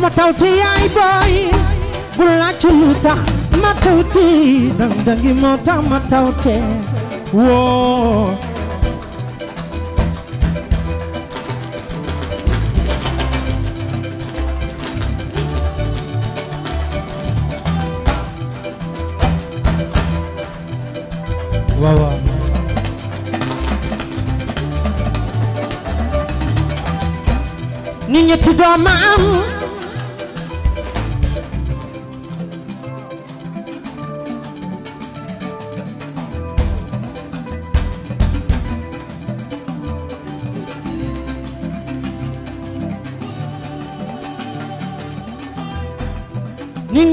sama yaay booy bu laaj lu tax ma tawte dang tax ma tawte woo ñetti doom ma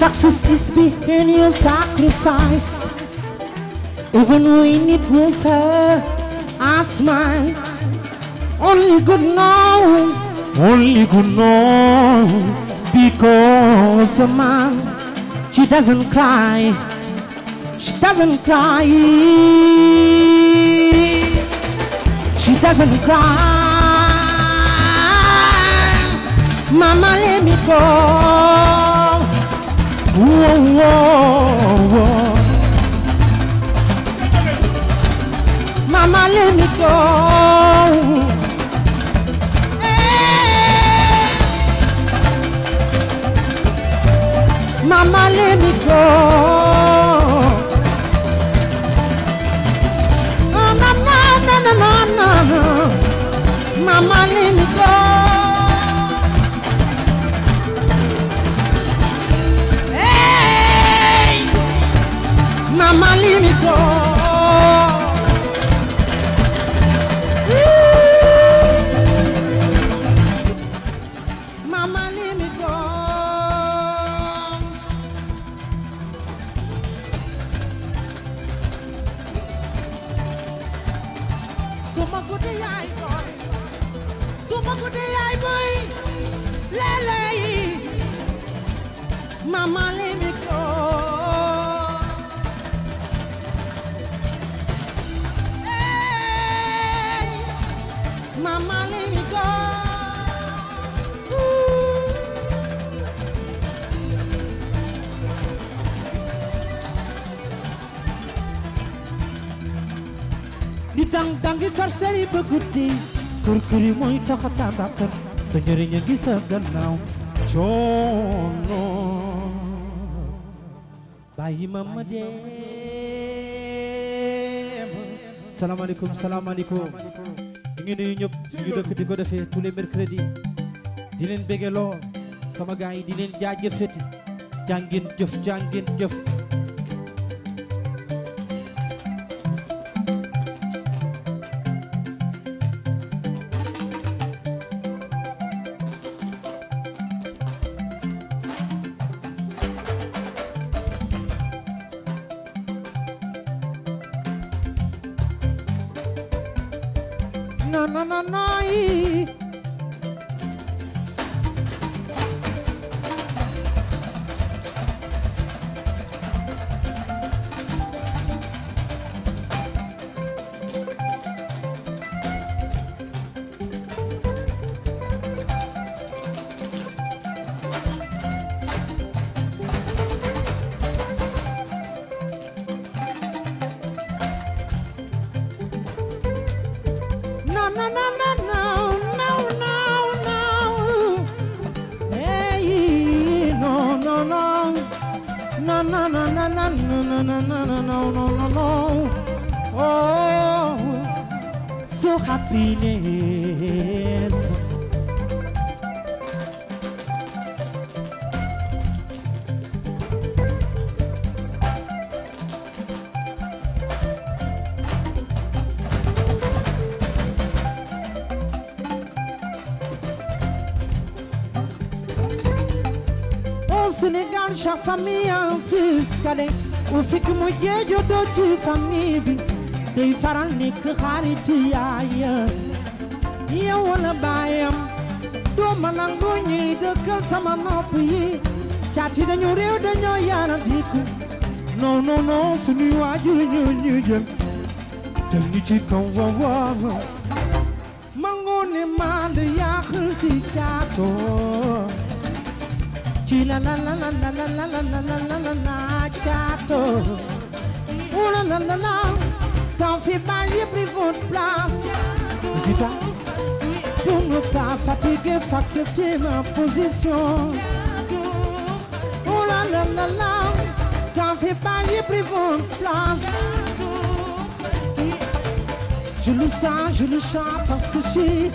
ak success is behind your sacrifice. Even when it was her, I smile. Only good now. only could know because a man she doesn't cry she doesn't cry she doesn't cry Mama, let me go. Oh, na, na, na, na, na, na. Mama, let me go. coxataan dàqan sa njëriñ a ngi sa gannaaw coono bàyyi ma ma dem salaamaaleykum salaamaaleykum ñu nuyu ñëpp ñu dëkk di ko defee tous les mercredis di leen bégeloo sama gars yi di leen jaajëfeti jàngin jëf jàngin jëf famille am fils kade u fik mu jeejo doo ci bi day faral nekk xarit yaayam yow wala baayam doo ma nangu ñuy dëkkal sama nopp yi caati dañu réew dañoo yaara dikku non non non suñuy waajur ñu ñu jël te ñu ci kaw waawaaw ma ngoone maand yaaxul si caatoo Ooh la la la la la la la la la la la la la caato. Ooh la la la la. T'en fais pas, j'ai pris votre place. Zita. Pour ne pas fatiguer, faut accepter ma position. Ooh la la la la. T'en fais pas, j'ai pris votre place. Je le sens, je le sens parce que je suis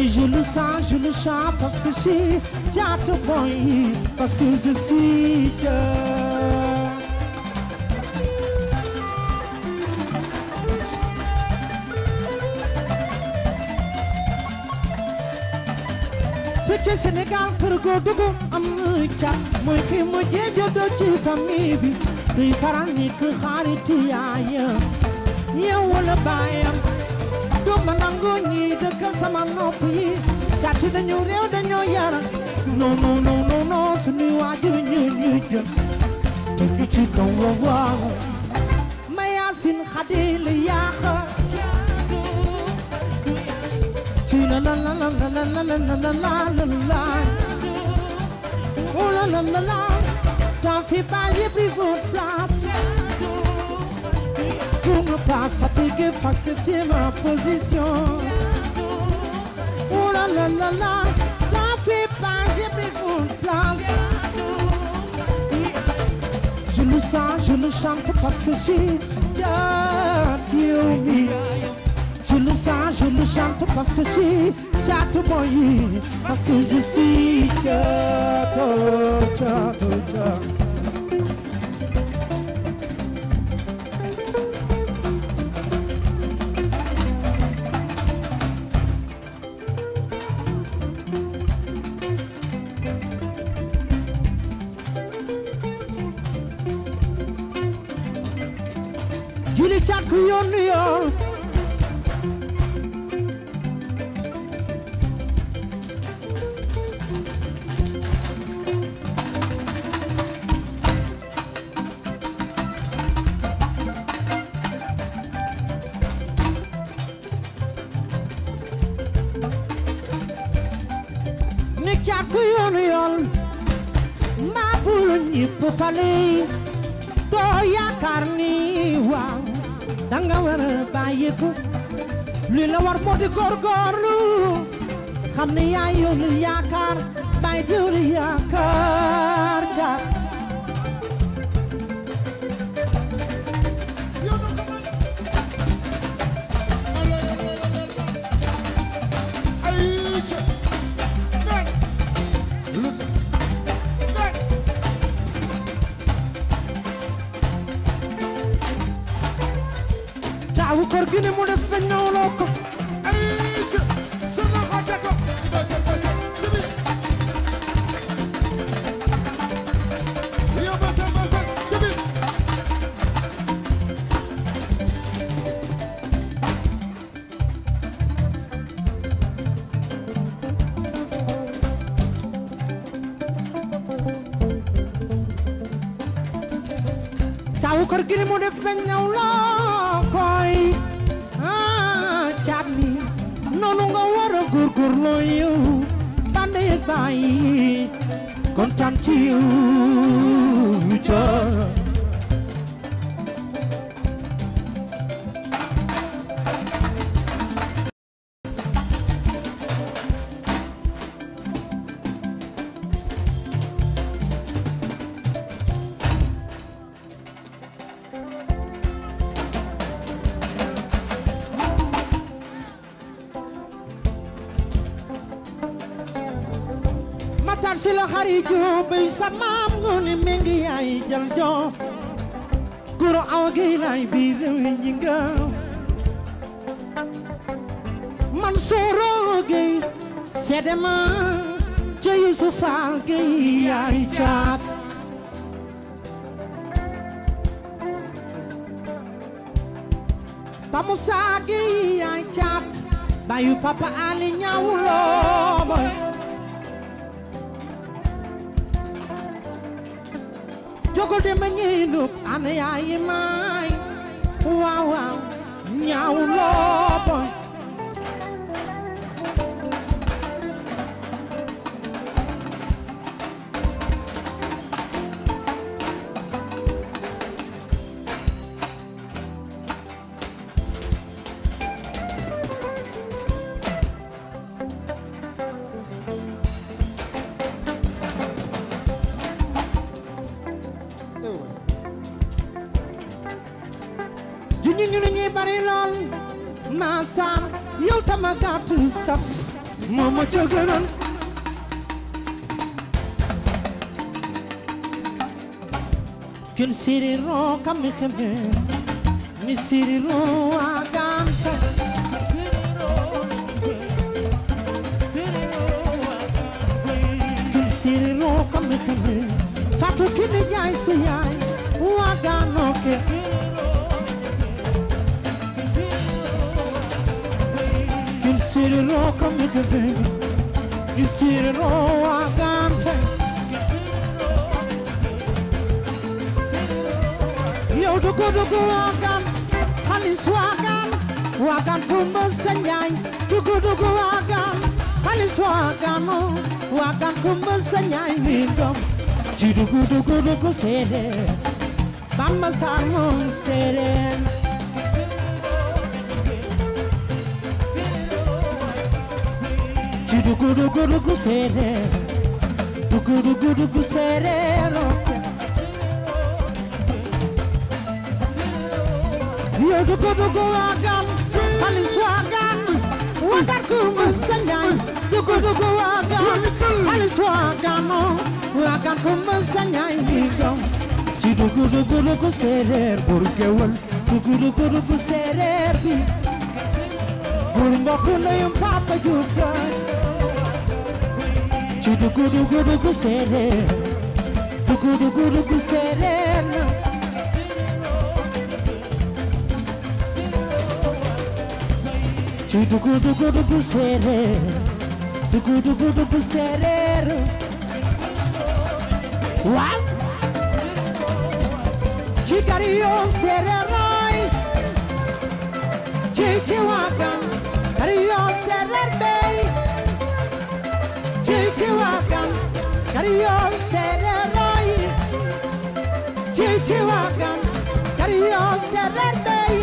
Et je le sens, je le chante parce que je suis Jato Boy, parce que je suis que... ci Sénégal kër goo dugg am na cat mooy ki mu jéejoo ci famille bi duy faral ni ku xarit yaayam yeewu la baayam ma nangu ñi dëkkal sama nopp yi càcc dañu réew dañoo yara non non non non non suñuy waajur ñu ñu jël dañu ci kaw wa waaw ma yaasin xadil yaaxa ci la la la la la la la la la la la oh la la la la t'en fais pas j'ai pris votre place pour me pas fatiguer, faut accepter ma position. Oh là là là là, t'en fais pas, j'ai pris mon place. Je le sens, je le chante parce que j'ai Dieu Je le sens, je le chante parce que j'ai Dieu Parce que je suis Dieu, kër gi ni mu def ba ñaw loo koy ah caat mi noonu nga war a góorgóorloo yow bande yeeg bàyyi ci yow ji gaaw man sooroo gey ma ca Yuusufa gey caat ba Musa papa Ali ñaawu looba jogol de ma ñeenub ana yaayi waaw waaw ñaaw lool gënal kun mi xeme ni siriroo ki ni yaay wa ganoo ke kun siriroo mi xeme Gisirno dugu dugu wagan xalis wagan wagan kumba sañay dugu dugu wagan xalis wagan wagan kumba sañay mi dom ci dugu dugu dugu seede bamba sarmo seede dugu dugu dugu seereer dugu dugu dugu seereer yoo dugu dugu waagaan xalis waagaan waagaan kuma sanjaan dugu dugu waagaan xalis waagaan waagaan kuma sanjaan diigam ci dugu dugu dugu seereer bur gewël dugu dugu dugu seereer bi bur mbokk nayum papa juufaay ci dugu dugu dugu séeréer dugu dugu dugu séeréer na ci dugu dugu dugu séeréer dugu dugu dugu séeréer waaw ci kari yoo séeréer ay ci ci waagan kari yoo ci waxam kari yoo seede roy ci ci waxam kari seede roy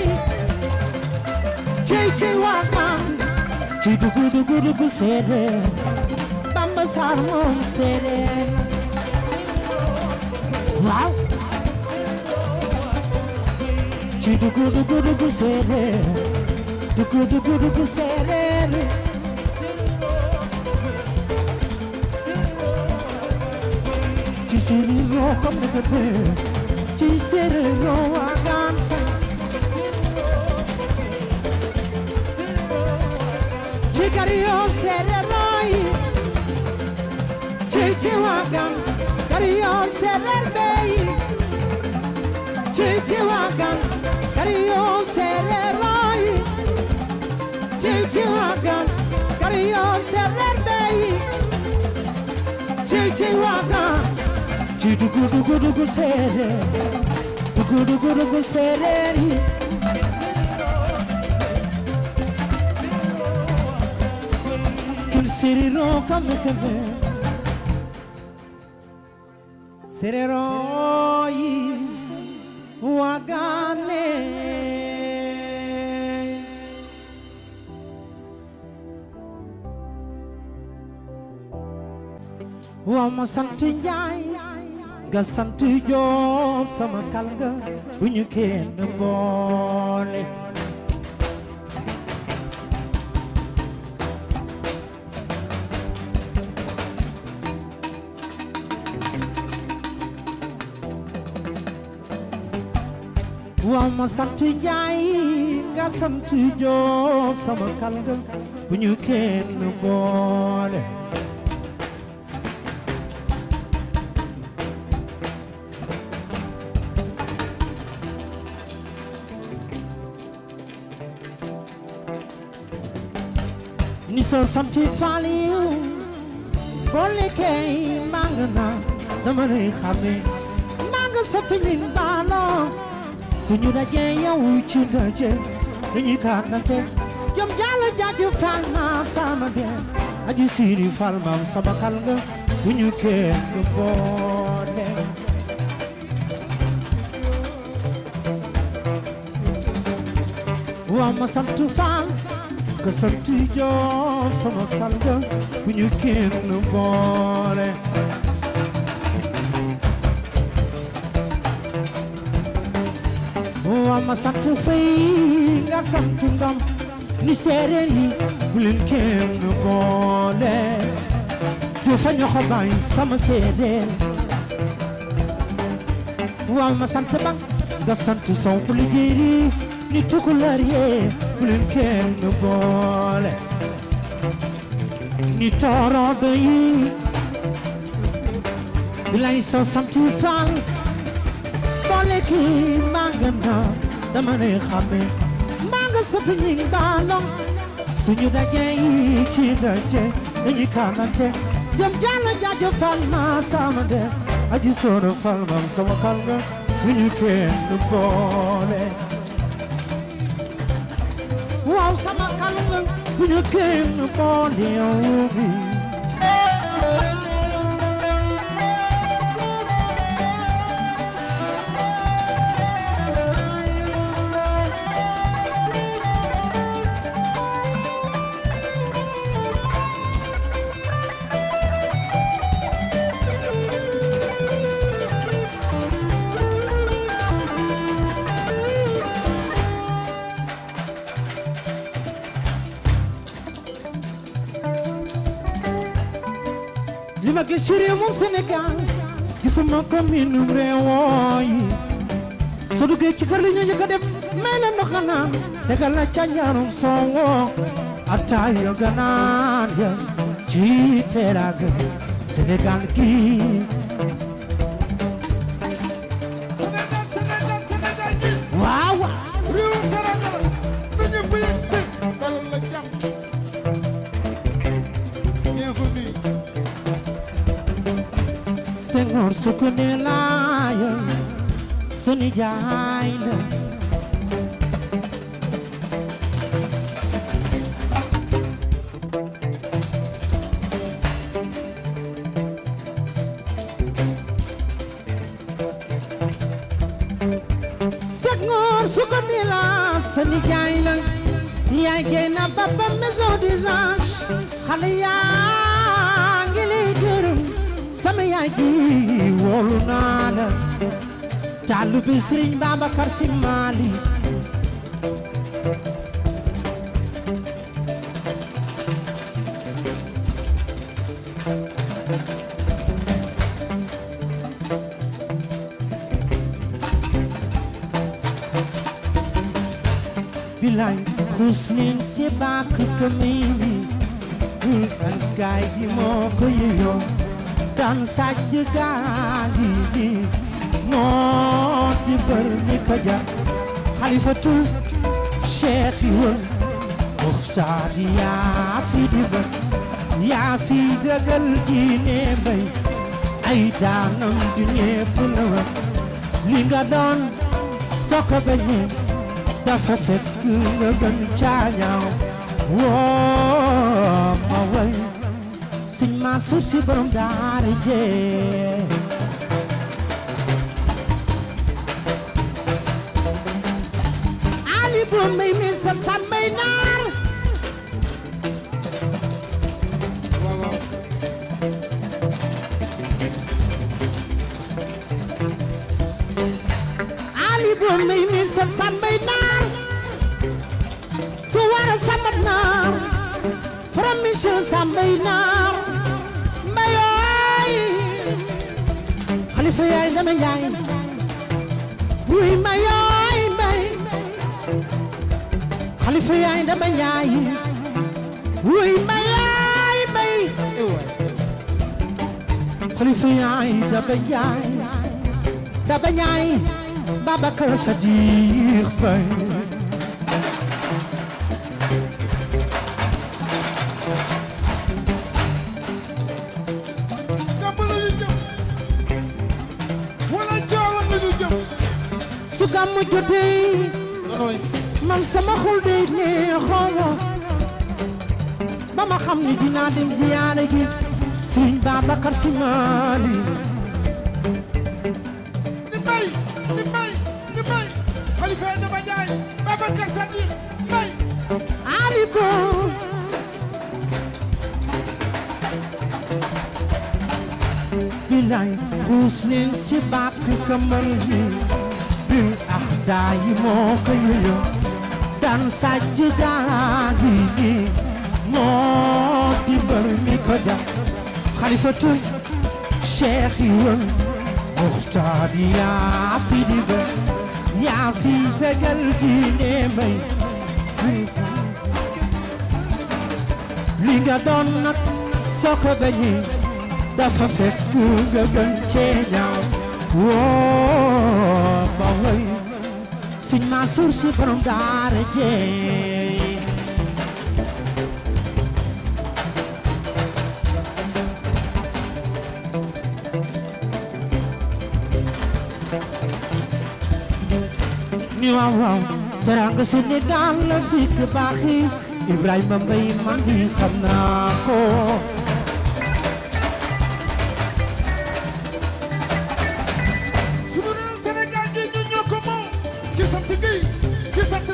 ci ci waxam ci dugu seede Bamba Saar moom seede waaw ci dugu seede dugu seede serino comme le bébé ci serino wagan ci gario serenoi ci ci wagan gario serenbei ci ci wagan gario serenoi ci ci wagan gario serenbei ci ci wagan ci dugg dugg dugg séeréer dugg dugg dugg séeréer yi kun séeréeroo kambe kambe séeréeroo yi wagaane wa ma sant Njaay nga sant Joob sama kal nga bu ñu boole waaw ma sant Njaay nga sant Joob sama kal nga bu ñu boole soo samti faaliw boo lekkee maa nga naan dama lay xàmmee maa nga sotti min baaloo suñu dajee yow ci daje dañuy kànnante jom jàlla jaaju faal naa sama gen aji siiri faal maam sama kal nga bu ñu kenn du boole waa ma samtu faal ka sant Jóob sama xal nga bu ñu kenn boole waa oh, ma sant Fay nga sant Ngom ni séeréer yi bu leen kenn boole joofa ñoxo baay sama séedéel waa oh, ma sant Ba nga sant Sow ku liggéey ni Tukulóor yee bu leen kenn boole ni torodo yi bilay so samti faal boole ki màgg na dama lay xame màgg soti ñi baalong suñu daje yi ci dante dañu kanante jëm jàll jaajo fal ma samante aji sooro fal mam sama fal nga bu ñu kenn boole sama kàlla bu ñu kenn moo néew bi Sénégal gisuma ko miinum réewoo yi soo duggee ci kër li ñu def may la ndox nga naan tegal la ca ñaarum soowoo ataaya nga ya ci teraanga Sénégal gi sukune laaya sunu jaay la sag ngoor sukune la sunu jaay la yaay génn papa maison des anges xale yaa ngi lay gërëm sama yaay ji woolu naa la taalu bi Sëriñ Babacar Si Maali bilay xuus nin ci bàkk këmiñ bi guy an gaay gi moo ko yeyoo dan sajjgan di moo di Bargny Kaja xalifatul cheikh yi woon di ba yaa fi dëggal diine bay ay daanam di ñépp na wa li nga doon soko bañe dafa fekk nga gën caa woo sëñ Mansour si borom daara ali boom may mi sab naar ali boom may mi naar su wara samat naar sa yaay sama yaay wuy ma yaay mbay xalifa yaay dama yaay wuy ma yaay mbay xalifa yaay dama yaay dama yaay Babacar Sadiq Mbay man sama xol day neexoon ba ma xam ni dinaa dem ziyaare gi Sëriñ Babacar Si Maalik di bay di bay di bay xalifa dama jaay Babacar Sadiq bay ariko bilaay xuus leen ci bàkk kamal bi bi ah daay moo ko daan sajj daan moo di mbër mi ko jam xalifatu cheikh yaa fi di bër yaa fi fegal diine mbay li nga doon nag soo dafa fekk nga gën cee woo ba way Sëñ Mansour si borom daara jeey ni waaw waaw teraanga Sénégal la fi baaxi Ibrahima Mbaye man di xam naa ko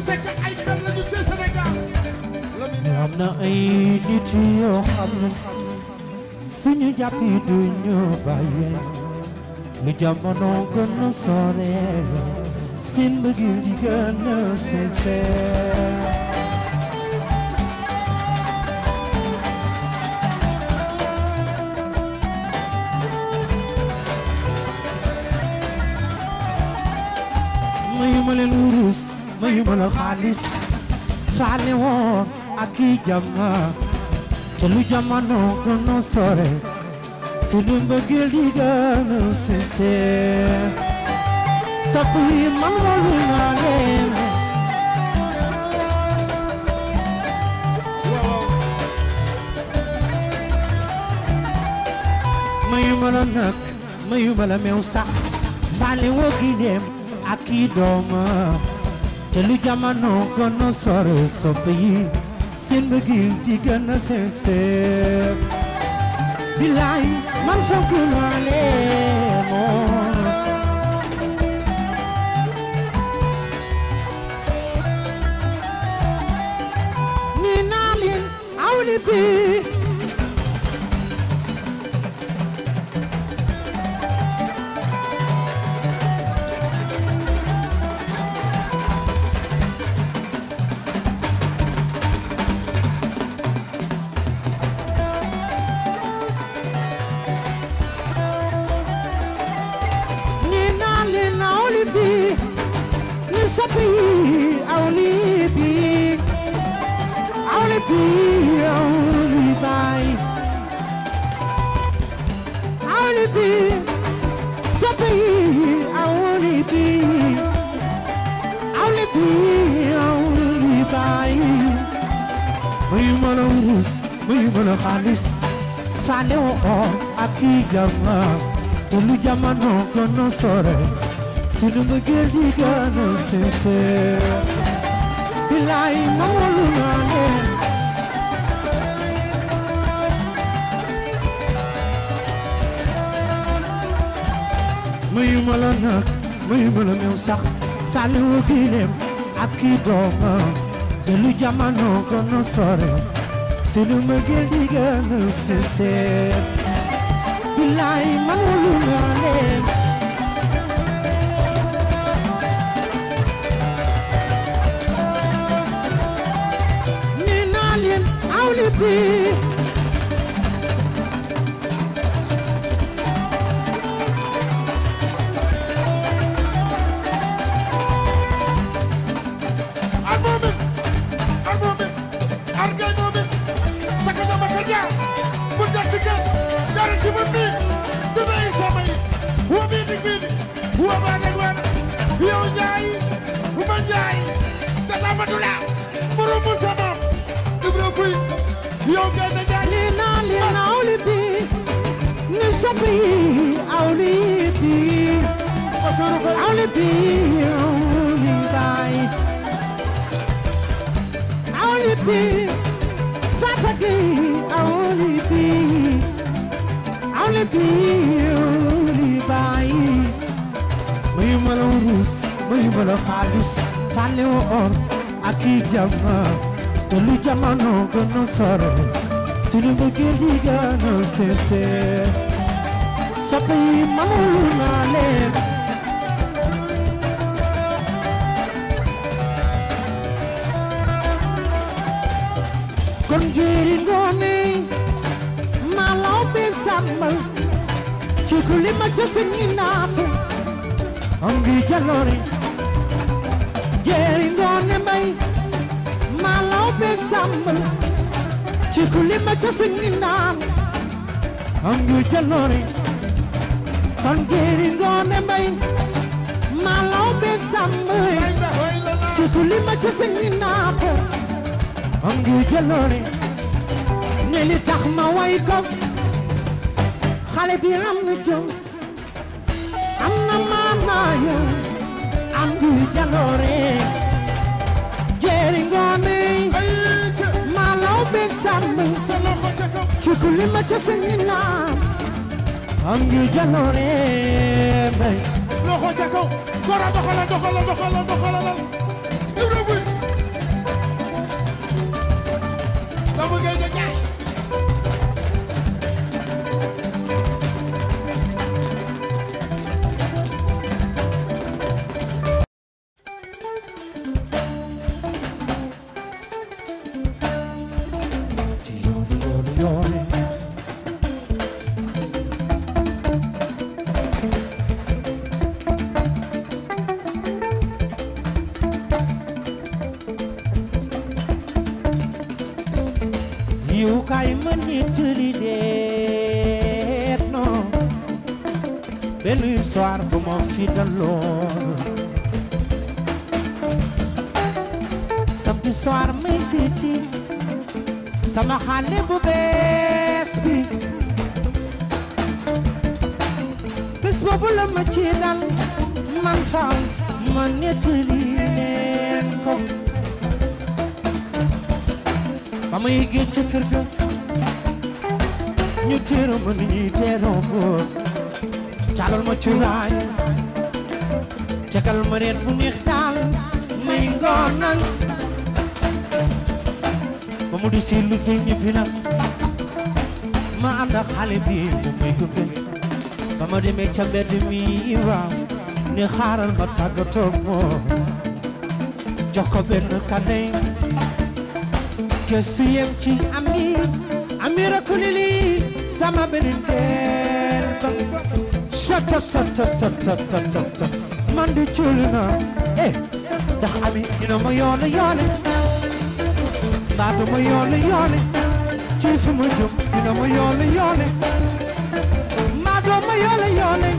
sekk ay kan lañu ci Sénégal am na ay nit yoo xam ne suñu jàpp duñu bàyyi lu jamono gën a sore seen bëggeel di gën a sincère ma leen wurus mayuma la xaalis faale woo ak jama te lu jamono gën a si lu mbëggeel di gën a sincère sopp yi man naa leen mayuma la nag mayuma la meew faale woo gi dem dooma te li jamono gën a sore soppe yi bëggil di gën a sincère bilaay man fonk naa leen moom nee naa leen awli jamono nu sore sunu di gën a sincère bilaay mamalu naa leen mayuma la nag mayuma la meew sax sàlliwu gileem ak kii doomam te lu jamono kon nu sore sunu di gën a billaay man wóolu naa leen nee naa leen awli bi بي أولي بي وصرف أولي بي أولي داي أولي بي ساتكي أولي بي أولي بي أولي باي ميما لو روس ميما لو خالص فالي وقر أكيد جمع كل جمع نوغن صرف سنو بكير جيغان سيسير ca yi mënul naa kon jeri ngoone maa law bi sàmm ci kulli ma jose ni naata am jaloore jeri ngoone mbay maa law bi sàmm ci kulli ma jose ni naata jaloore on jeri ngoone mbay malaw be sambay ci kulima ci senni naata on ngi jaloore ne li tax ma way ko xale bi am na jom am na maanaaya am ngi jaloore jeri ngoone malaw be sambay ci kulima ci senni naata am ngi jaloore mbay loxo ca kaw kora doxalal doxalal doxalal doxalal soxna xale bu bees bi bés boobu la ma ci dal man faam ma nettali leen ko ba ma yeggee ca kër ga ñu teeroo ma ni ñuy teeroo góor taalal ma cuuraay tegal ma reer bu neex daal may ngoonan mu di si lu dul ñibbi ma ànd ak xale bi mu may gunge ba ma demee ca mbedd mi waaw ni xaaral ma tàggatoo moom jox ko benn kànneey gëstu yem ci am yi ami rakku lili sama beneen deel ba sat tat tat tat tat tat man di cuuli na eh ndax ami ma yoole yoole ndax dama yoole yoole ci suma jëm dina ma yoole yoole maa doo ma yoole yoole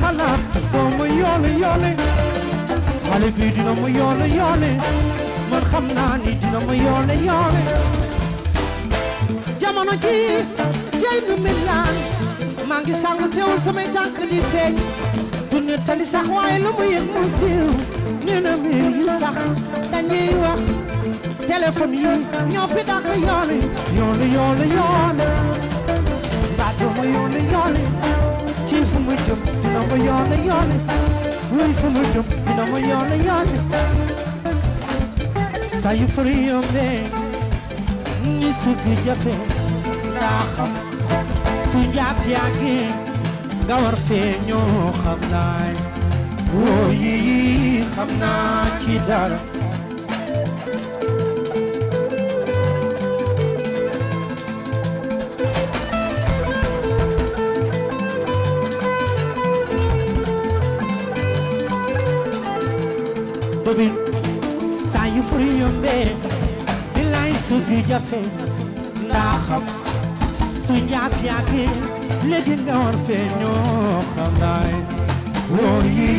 xalaat doo ma yoole yoole xale dina ma yoole yoole man xam naa nu mel laan maa ngi sangu teewul samay tànk di teej du ne tali waaye lu mu yëg mu siiw nee na mbir yi sax dañuy wax téléphone yi ñoo fi dàq yoole yoole yoole yoole baatu fu mu jëm dina ma yoole yoole luy fu mu jëm dina ma yoole yoole saa yu fari yombe ñi sukk jafe naa xam su njaap yàgge nga war fee ñoo xam yi xam dara bi saa yu fur yombee di lay su di jafe ndaa xam su ñaak ñaaki léegi nga war fee ñoo xam naa wóor yi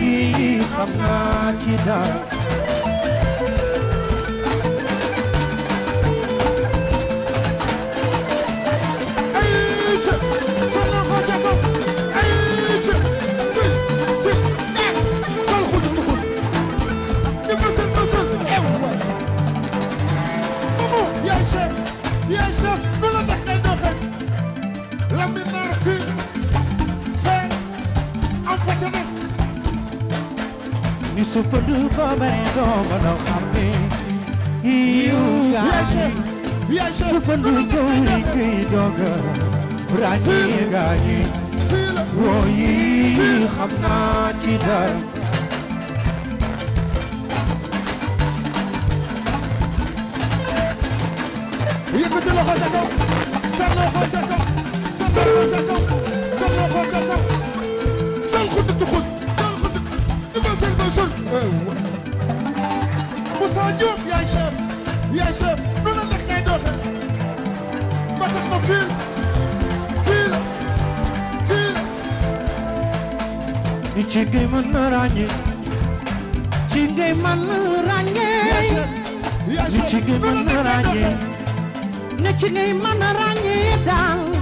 xam naa ci dara super duper many dogs no kami you got me super duper iki dog rani gani woy xam naa ci dara ci ngay mën na ràññee ci ngay mën na ràññee ni ci ngay mën na ràññee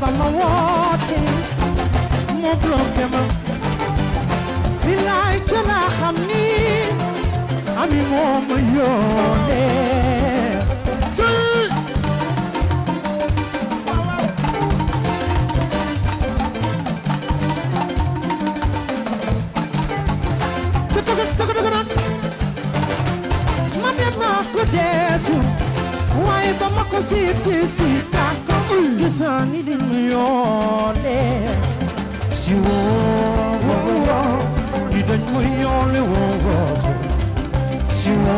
ba ma woote mu bloqué ma bilaay ca laa xam ni ami moo ma yónnee def waaye ba ma ko siit ci siita ko gisaan ni lim yoole si woo woo woo di dañ ma yoole woo woo si woo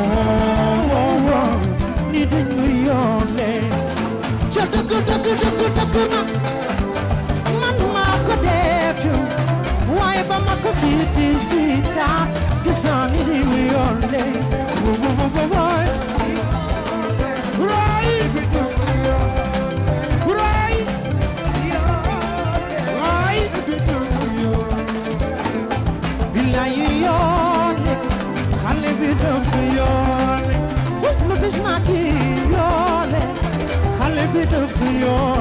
woo woo di dañ ma yoole ca dëgg dëgg dëgg dëgg na man maa ko def waaye ba ma ko siit ci siita gisaan ni lim yoole woo woo woo yoon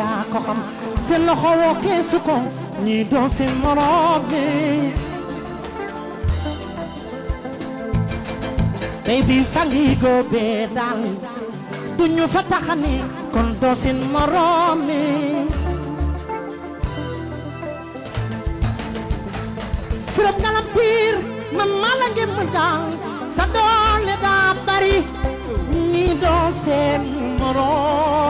yaa ko xam seen loxo woo keesu ko ñi doon seen moroom bi tey bi fangi góobee daal du ñu fa taxani kon doon seen moroom mi sërëb ngalam piir man maa la ngeen daal sa doole daa bari ñi doon seen moroom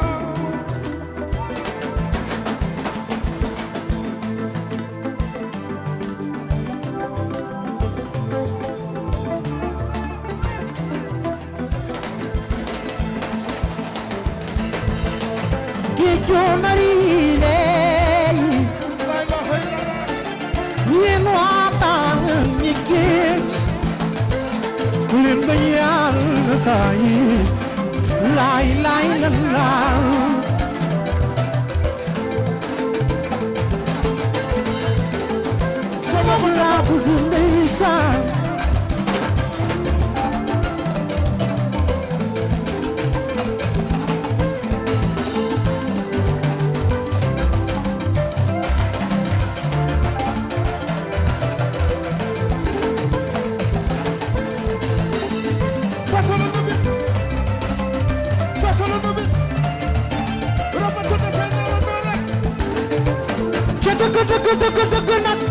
tayi lay lay la la sama la bu ndeysaan dëgg dëgg dëgg nag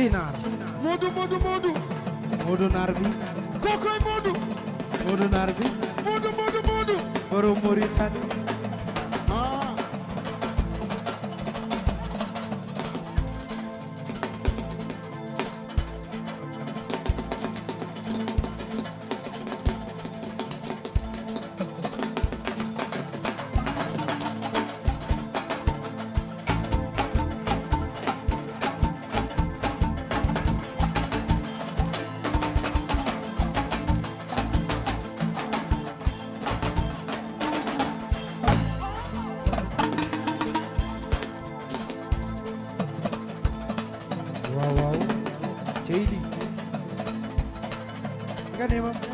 ci naar Moodu Moodu Moodu Moodu naar bi kookoy Moodu Moodu naar bi Moodu Moodu Moodu borom Moritani neman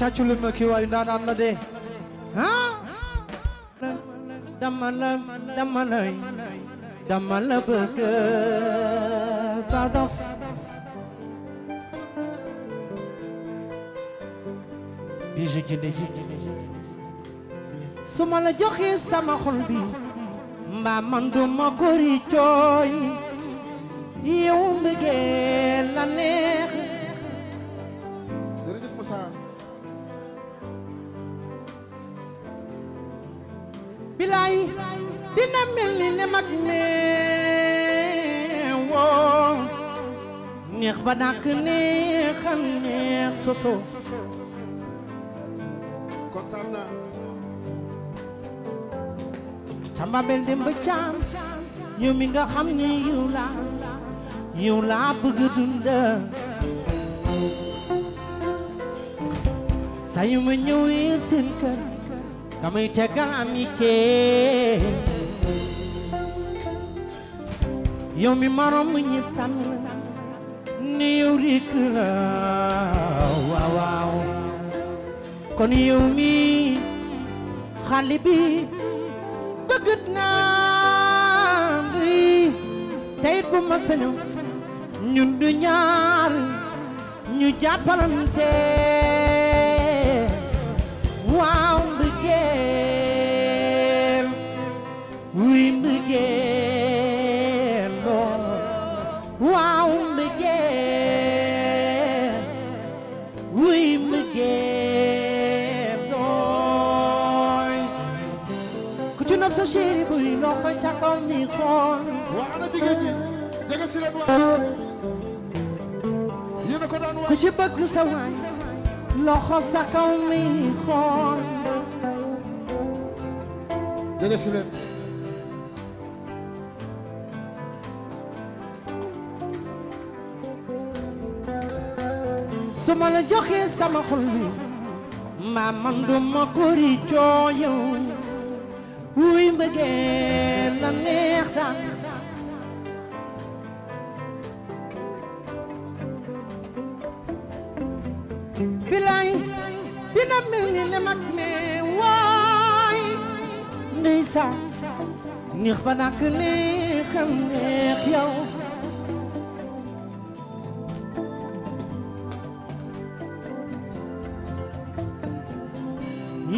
tàcculul ma kii waayu ndaanaan la dee dama la dama la dama ba dof bi je jënde ji su ma la joxee sama xol bi mbaa man du ma ko cooy yow mbëggee la ne neewoon neex ba dàkk neexal neex soso kontaan naa camba bel dem ba caam mi nga xam ni yow laa yow laa dunda saa yu ma ñëwee kër damay tegal amitié yow mi marom ñi tànn ne yow rekk la waaw kon yow mi xale bi naa lii tey bu ma sañoon ñun du ñaar ñu jàppalante xool ñi xool. waa ana jigéen ñi jege si leen waay. yéen a ko daan waay. ku ci bëgg sa waay. loxo sa kaw mi xool. jege si leen. su ma la joxee sama xol bi. maa man du ma ko ri jooyow. wuy mbëggeel la neex daan bilaay dina mel ni le mag mee waay ndeysaan neex ba nak neexam neex yow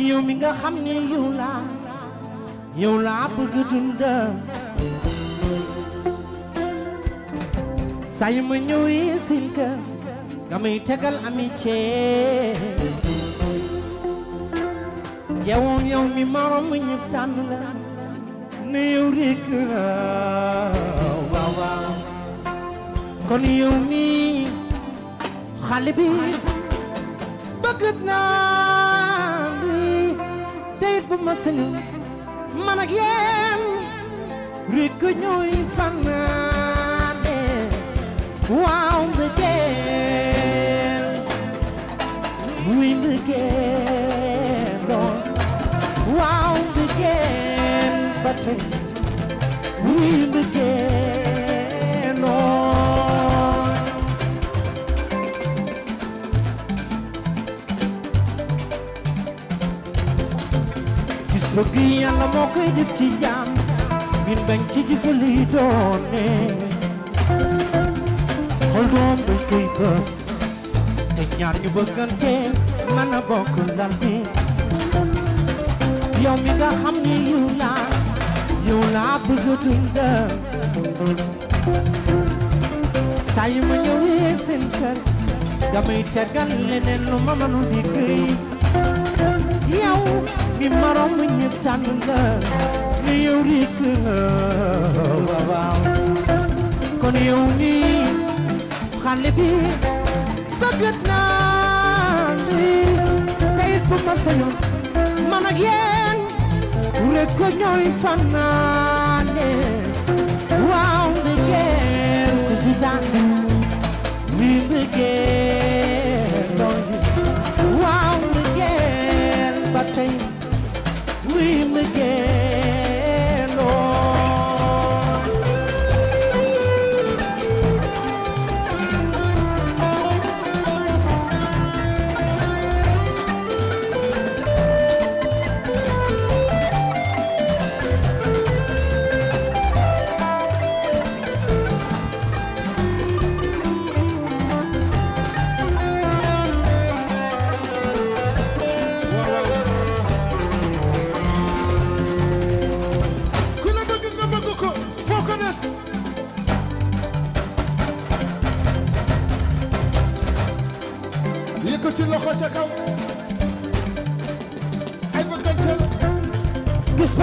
yow mi nga xam ne yow yow laa bëgg dunda say ma ñëwee sin ka damay tegal amitié jewoon yow mi marom ñëpp la ne yow rekk la waaw waaw kon yow mi xale bi naa bi teyit bu ma sañu ak yéen rekk ñuy waaw mbëggeel muy mbëggeel bëgg yàlla moo koy def ci jaam min bañ ci jikali doone xol doom dañ koy bës te ñaar ñu bëggante mën a bokk lal bi yow mi nga xam ne yow laa yow laa bëgg a dundal saa yu ma ñëwee seen kër damay tegal leneen lu ma mënul di këy yow gi marom bu ñu tànn la ni yow rikk la waaw kon yow ni xale bi bëgg naa li tayit bu ma sañoon man ak yéen rek ko ñooy fanaane waaw mbëggeel ku si tànn wi mbëggeel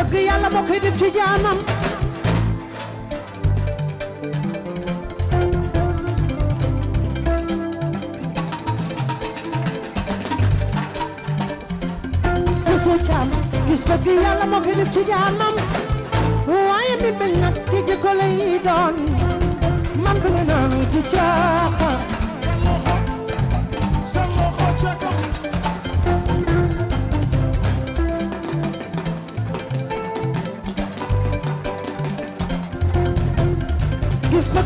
bëgg yàlla moo koy def ci jaamam Sassou Thiam gis bëgg yàlla moo koy def ci jaamam man bëgg naa ci caaxaan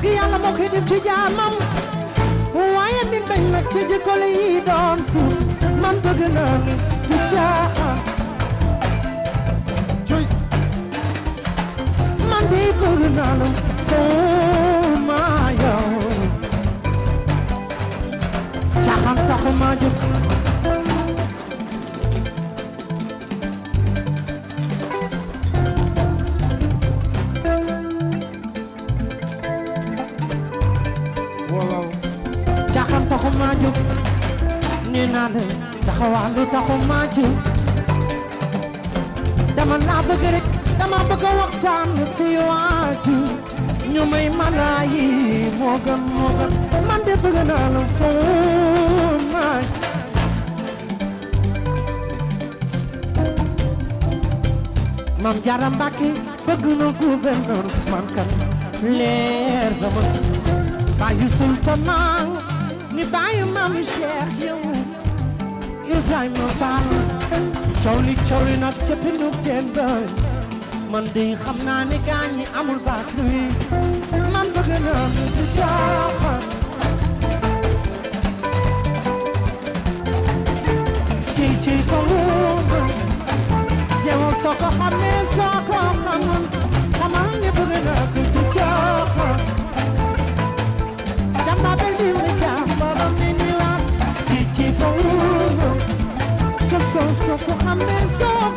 bëgg yàlla moo koy def ci jaamam waaye min bañ nag ci jikko la yi doon tuut man bëgg na du caaxaan joy man dey bëgg naa la foo maa yow caaxaan taxu maa jóg jóg nee naa la taxawaalu ñu may mala yi moo gën moo naa la foon maa Maam Jaara Mbàkke bëgg na gouverneur Ousmane Kane leer dama bàyyi sultanaan Ibrahima mi Cheikh yow Ibrahima Fall coow li coow li nag ca pindu man de xam naa ne gaañ ñi amul baat luy man bëgg naa mu du caaxaan ciy ciy ko luuma soo ko xamee soo ko xamal xamal ne bëgg naa ko sawulo sa saw sa ko xam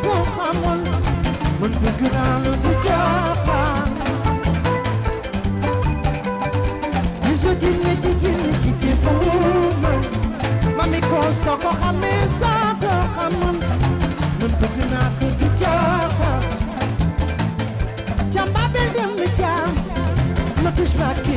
ko xamoon man bëgg naa lu du caaxaan di sa jinne di ki ci man mami ko ko xam ne ko xamoon man bëgg naa ko du jamba bel dem mi jaam ma tus ma ki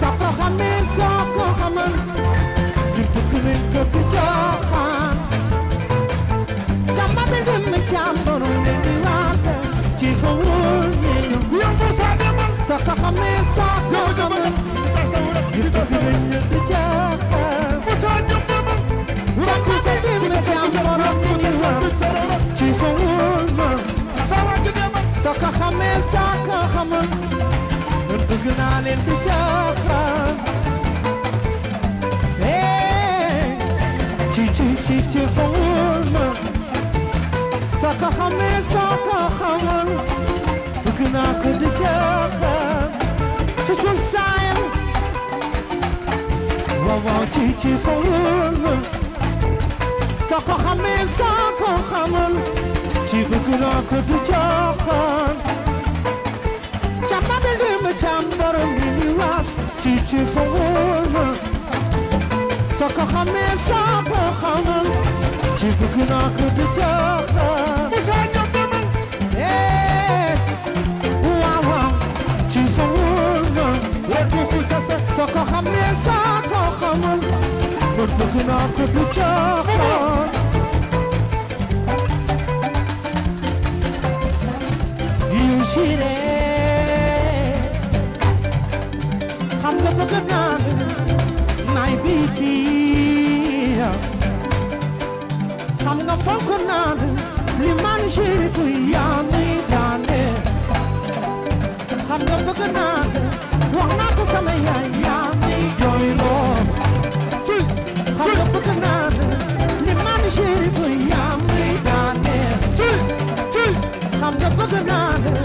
Sakaka me sakaka me, you don't even need to try. bëgg naa leen du jaaxaan eh, ci ci ci ci fool ma saka xamee bëgg naa ko du jaaxaan susul saayam ci ci fool ma saka xamee saka xamal ci bëgg naa ko du dëgg ma caam borom bi mi waas ci ci fa wóor ma soo ko xamee saa boo xamal ci bëgg naa ko di caaxaan saa ñoo demal ee eh, waaw waaw ci fa wóor ma soo ko xamee saa boo xamal ma bëgg naa ko di caaxaan you see it. bëgg naa my baby xam nga fonk naa li man chéri bu yaa mi daane xam nga bëgg naa wax naa ko sama yaay yaa mi jooyloo xam nga bëgg naa li man chéri bu yaa mi daane xam nga bëgg naa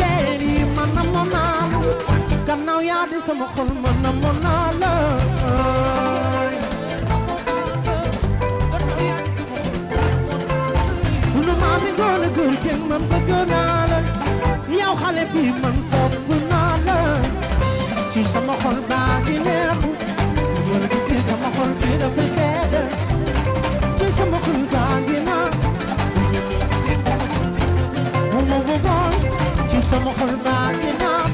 chéri man na ma naa la gannaaw yaa di sama xol man na ma naa la nu ma mi goona góor kenn man bëgg naa la yow xale bi ci sama baa di neexu si ma la gisee sama xol bi dafa ci sama baa di naa sama xol baa ngi naan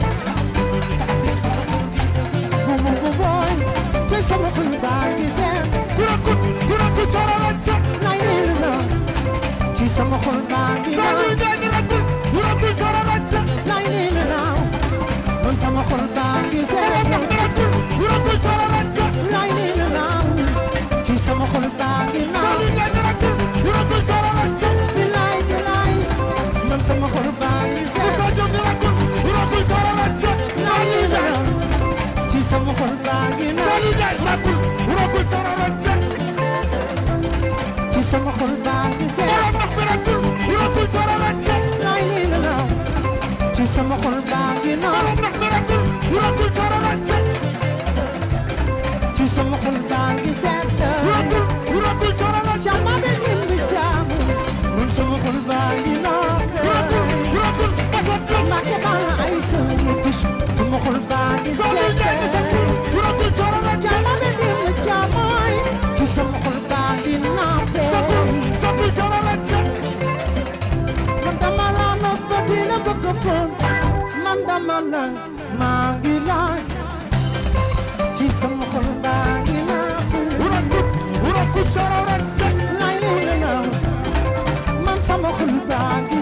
buubu bu booy ci sama xol baa ngi seen guraku guraku coro la ca nay niir na ci sama xol baa ngi naan soo ñuy guraku guraku coro la ca nay niir na man sama xol baa ngi seen wuragul wuragul sarala set ci sama xol baa ngi set wala ndax wuragul wuragul sarala set lay lii la ci sama xol baa ngi na wala ndax wuragul wuragul sarala set ci sama xol baa ngi set wuragul wuragul sarala set naan maa ngi laaj ci sama xol baa ngi laaj wura kut wura kut soro rek lay la naan man sama xol baa ngi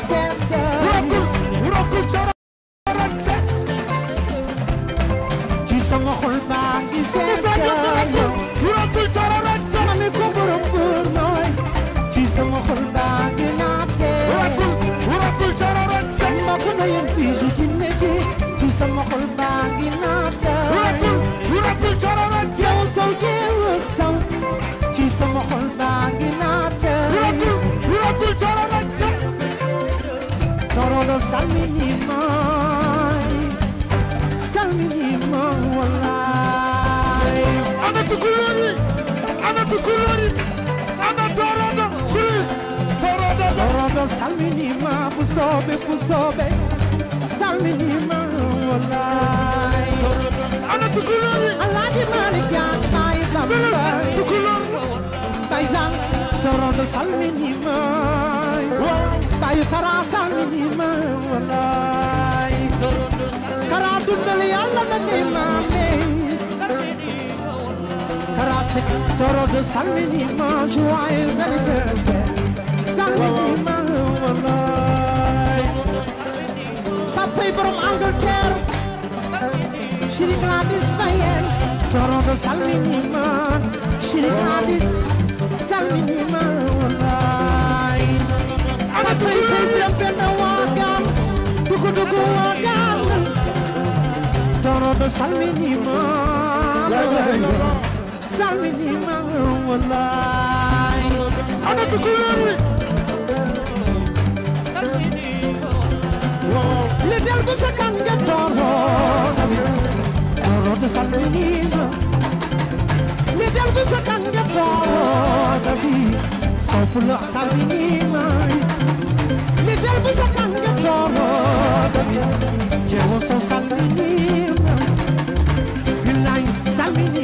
kulori ada torodo kuris torodo torodo salmini ma busobe busobe salmini ma wallahi ada tukulori aladi malik ya tay bamba tukulori bayzan torodo salmini ma bay tara salmini ma wallahi kara dundal yalla na ngay mame kara sekk ترد سلمني ما جواي زلفة سلمني ما والله بابي بروم انجلتير شريك لابس فاير ترد سلمني ما شريك لابس سلمني ما والله انا في في بلبنا واقام دوكو دوكو واقام ترد سلمني ما لا لا لا سالمينيما والله أنا تقول لدل بسكن جبارو ترد سالمينيما لدل بسكن جبارو تبي صفلا سالمينيما لدل بسكن جبارو تبي جوسو سالمينيما بالله سالمينيما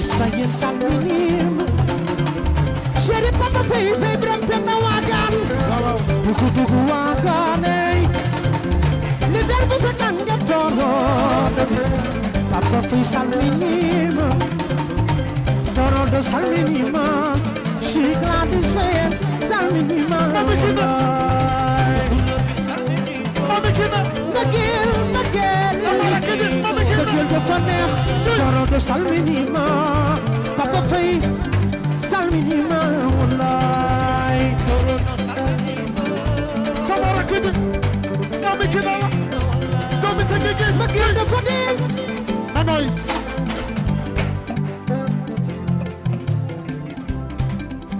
sayen salminim Sheri papa fei fei brem pena wagan Dugu dugu waganei eh. Lider busa kanya toro eh. Papa fei salminim Toro do salminima Shikla di sayen eh, salminima Mami kima Mami kima Mami kima dafa neex coro de salmini ma papa fay salmini ma wallaay sama rakk ji doomi ci dala doomi ci géej ma kii dafa diis anoy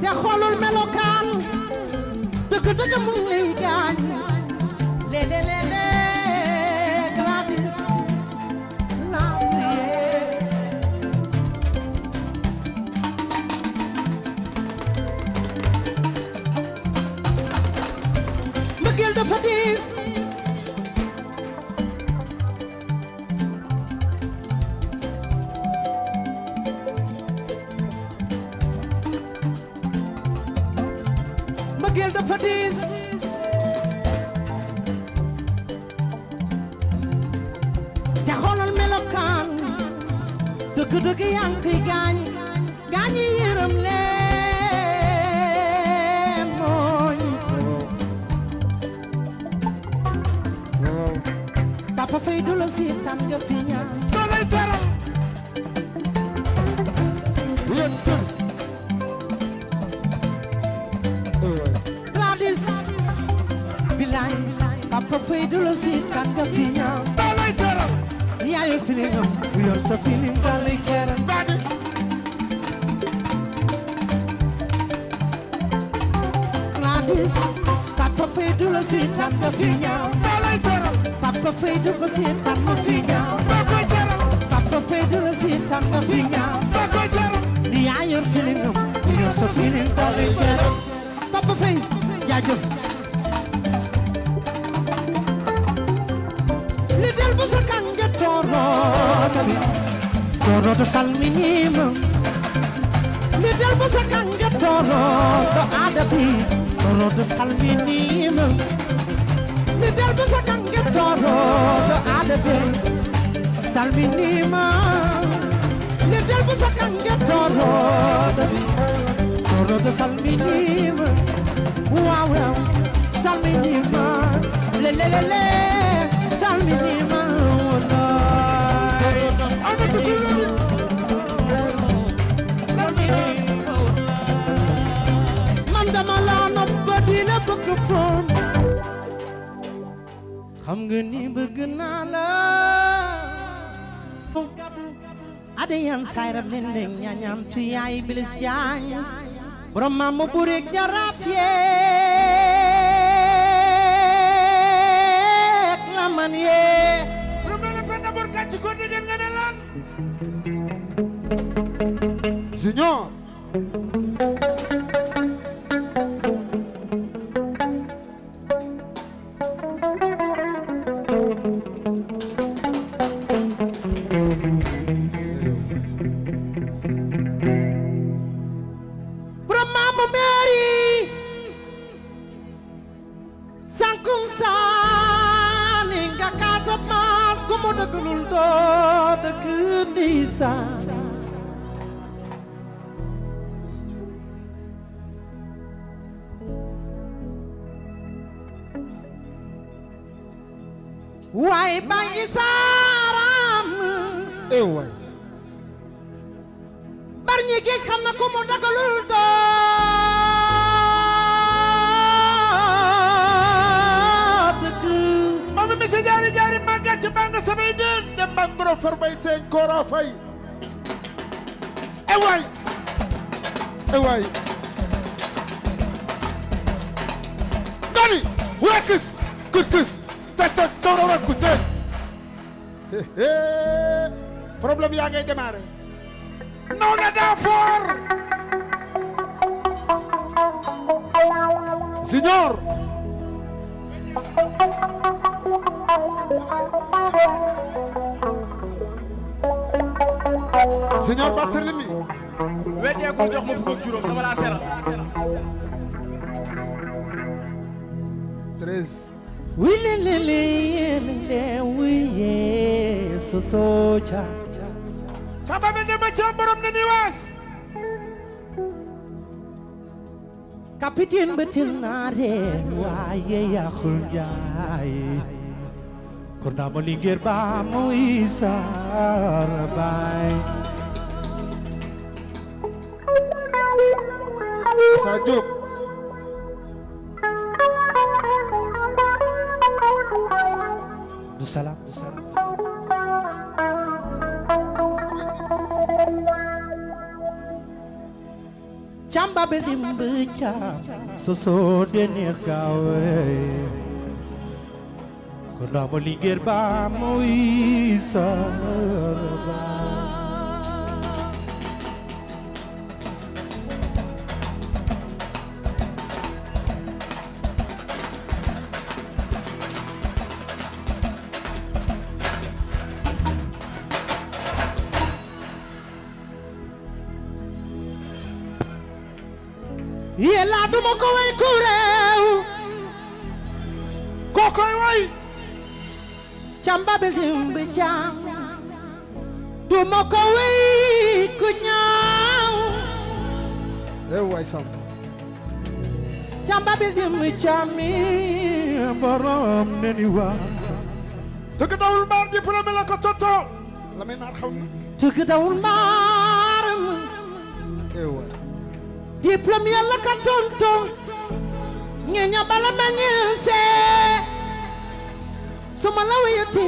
te xoolul melokaan dëgg dëgg mu ngi lay gaañ léeg-léeg dama laa nopp ba di la bëgg foon xam nga ni bëgg naa la fo yaay bilis jaañ borom mu bureeg jaraaf yeek la man yee lu mel ne benn bor kàcc ko dégg nga ne lan junior bitin bitin naare waaye yaxul njaay kon naa ma lingeer baa muy saar baay caam sosoo de neex gaawee ko laa ma lingeer baa mooy saara yella duma ko way ku réew ko koy way camba bi dimbi jam duma ko ku ñaaw ew way sam camba bi dimbi jami borom neni waas dëgg dawul maar di problème la ko toto la may dawul maar ew way diplôme yàlla ka tonto ñe ña bala ma ñeense su ma la wéyati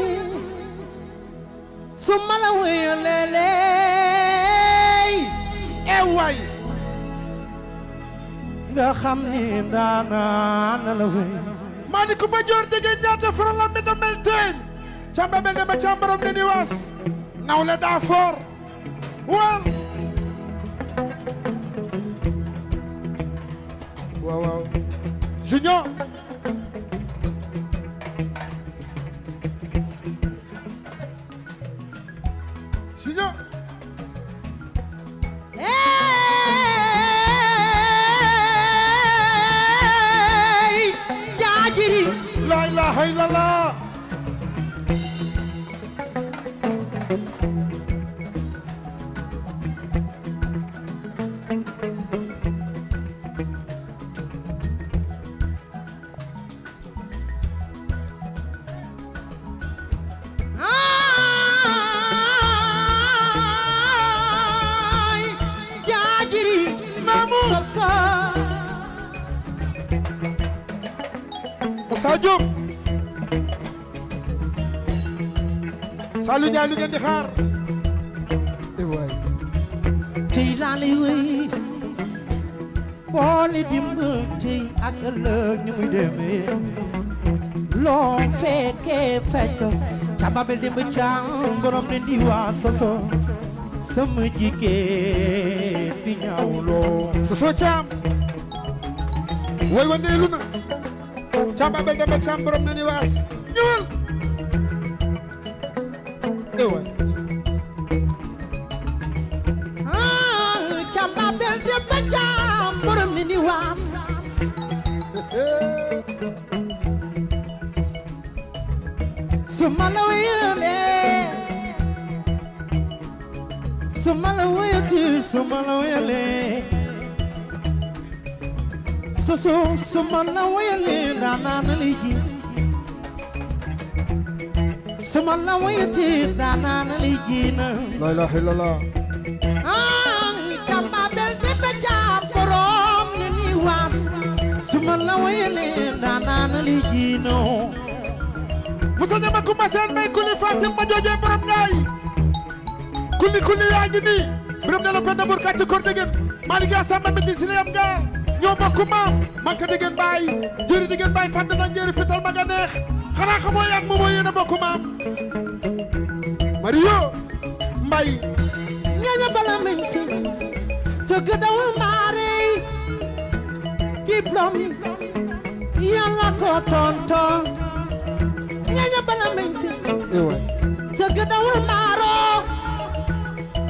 su ma la wéyaleeley e way nga xam ni ndaanaan la wéy maa ni ku ma joor dégg ñaata faral la mi da mel teeñ camba mel ne ma cambaram ne ni waas naw le daa foor waaw waaw waaw junior waay lu ngeen di xaar e waay tey laa lay wéy boole dimb tey ak ëllëg ni muy demee loo fekkee fekk càmbabe dimb caam ne di soso sama jigéen bi ñaawloo soso caam way wa ndeelu na càmbabe dimb caam ne di waas suma la wéyalee suma la wéyati suma la wéyalee soso suma la wéyalee daanaan ligi suma la wéyati daanaan ligi na la ilaha illallah ah jàmba bel di ba jàpp borom ni waas suma la wéyalee daanaan ligi noo musa ñama ku maseen may kuli fatim ma joojee borom ngaay kuli kuli yaa ngi nii birom ne la pen na bur kàcc kor degen maalik yaa sàmba mi ci sineyam nga ñoo bokku man ka degen baay jéeri degen baay fàdd na njéeri fital ma nga neex xanaa xamoo yaa moom yéen a bokku maam mbay ñaña bala meñ tëgg dawul mbaare diplôme yàlla ko tonton bala men si jëgg dawul maaro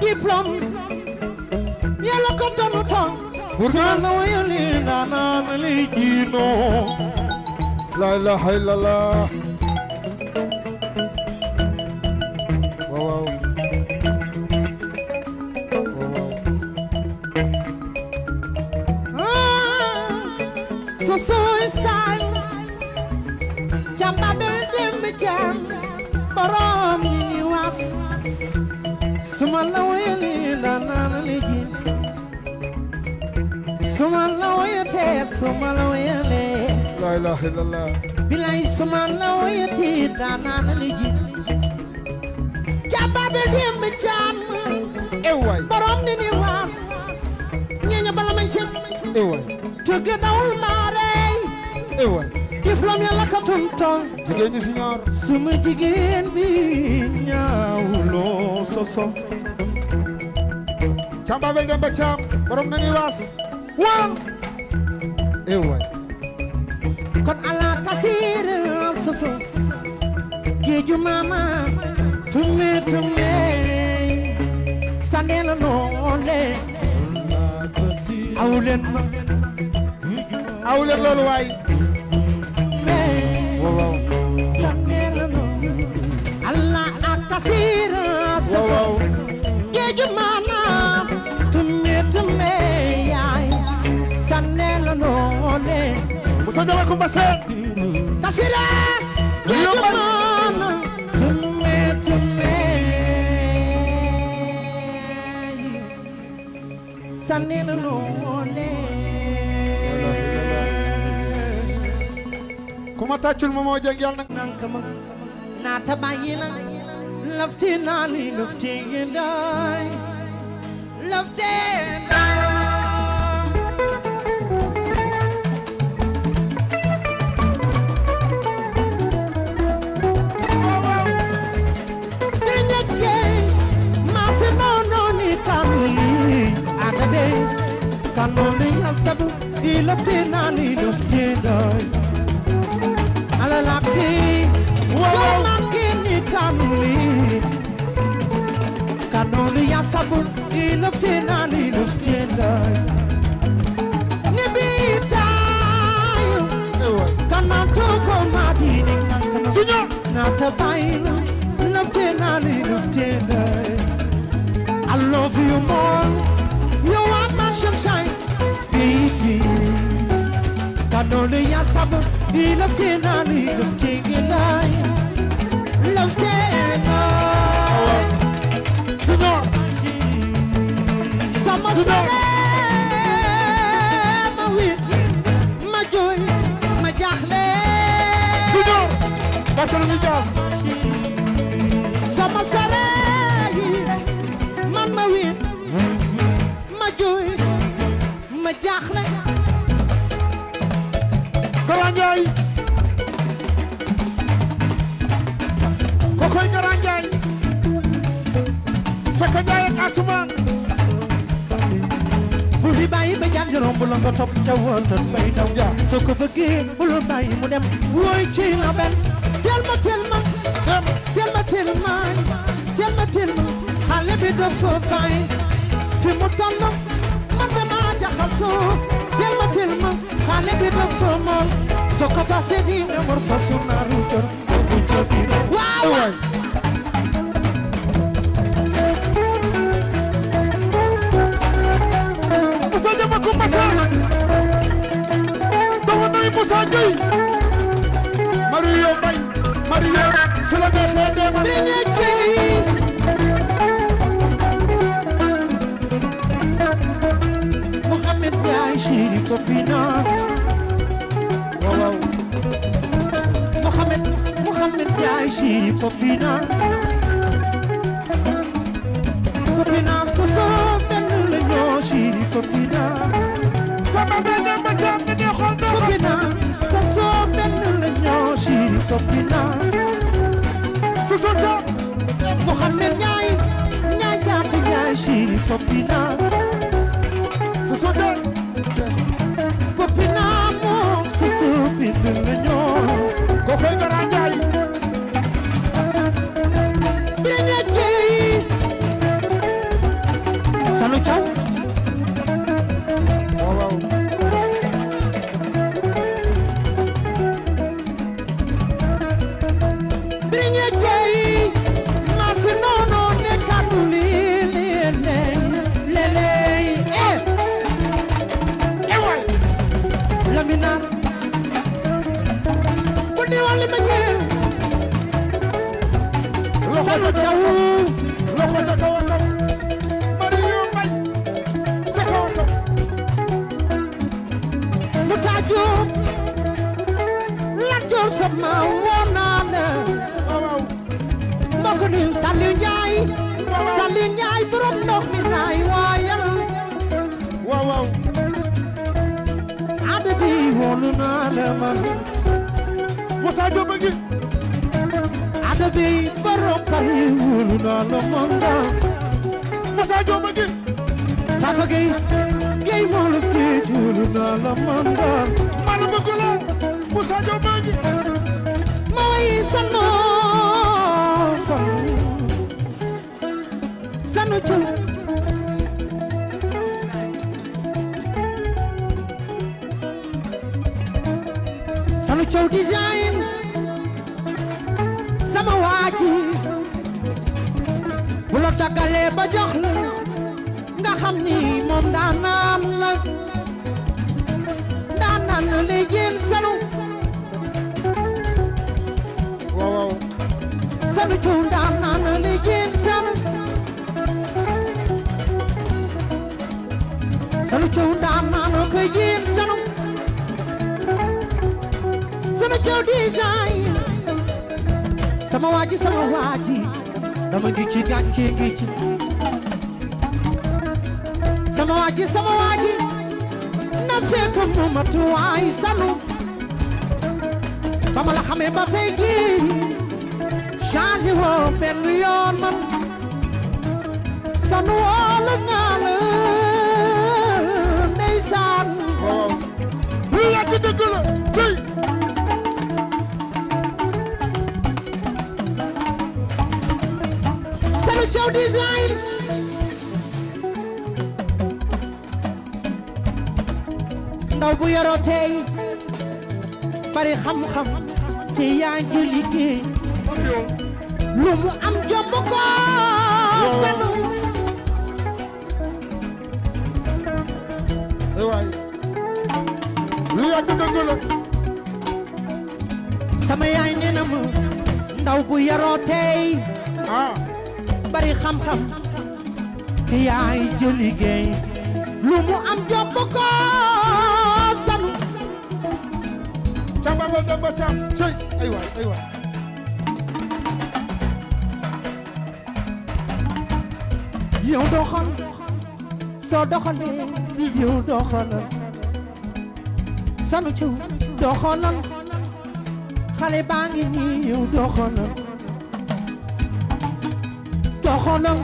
diplôme yàlla ko donu ton burkana wayuli nanan li jiino la ilaha illallah waaw waaw suma la woyalee daan naa la suma la woyatee suma la woyalee. la ilaha bilay suma la woyatee daan naa la liggéey. jàmba bi démb jàmm. eh ni ni waas. bala mañ sëb. eh dawul maarey. eh waay. diplôme ya la tonton. jigéen ñi si suma jigéen bi ñaawuloo. soso camba wel demba cam borom nani was waaw e way kon ala kasir soso geju mama tume tume sandela nole awlen ma awlen lolu way waaw waaw asirança sou Yegi mana Tume tume yai Sanela nole Musa dawa kumbasa na lafte nani lafte yendai lafte yendai Kanoni asabu, ilafte nani lafte yendai Maodo yaa sabul i lëftee naan i lëftee lay ni bii taayu kanaan tooko maa diini nankana Seigneur naa tabaayina lëftee naan i lëftee lay I love you more you are my sunshine baby kanoonu yaa sabul i lëftee naan i lëftee lay lëftee ma soree ma wéet ma jooy ma jaaxle Junior Barthélémy Dias sama soree yi man ma wéet ma jooy ma jaaxle Kora Njaay kokoy Kora Njaay Saka Njaay ak Atumaan li bàyyi ba jaan juróom bu la nga topp ca wëntal bay daw soo ko bëggee bu la bàyyi mu dem wooy ci la benn teel ma teel ma teel ma teel ma teel ma teel ma xale bi dafa fay fi mu toll man damaa jaxasoo teel ma teel ma xale bi dafa mool soo ko fase di nga war fasu naaru jor waaw Moussa Gueye Mario Mbaye Mario su la neexee demal dañuy jëy Mouhamed Ndiaye chéri copina waaw waaw Mouhamed Mouhamed Ndiaye chéri copina copina sa sa benn la ñoo chéri copina soppi naa su soo ca Mouhamed Ndiaye Ndiaye jaati Ndiaye Chiri soppi naa su soo dans le monde. Moussa Diop a gis. Fafa Gueye. Gueye moo la kii jur dans le monde. maa la bëgg lool. Moussa Diop a gis. ma way sanu. sanu sanu Sanu Thiaw design sama waa ji tàggalee ba jox la nga xam ni moom daan naan la daan naan la lay jéem salu waaw waaw naan la lay jéem salu salu ci daan sama waaji sama waaji dama ju ci gàcce gi ci sama waaji sama waaji na fekk mu matuwaay salu ba ma la xamee ba tey gii changé woo yoon man sanu woo la naa la ndeysaan bu oh. yàgg dëgg la tey Now Designs ndaw bu yoroo tey bari xam-xam te yaa ngi liggéey lu mu am jomb ko sanu waay lu yàgg dëgg la sama yaay nee bu yoroo tey bari xam-xam te yaay jë liggéey lu mu am jobb ko sanu cam babal damba cam cëy ay waay ay waay soo doxalee yow doxalal sanu ci doxalal doxalam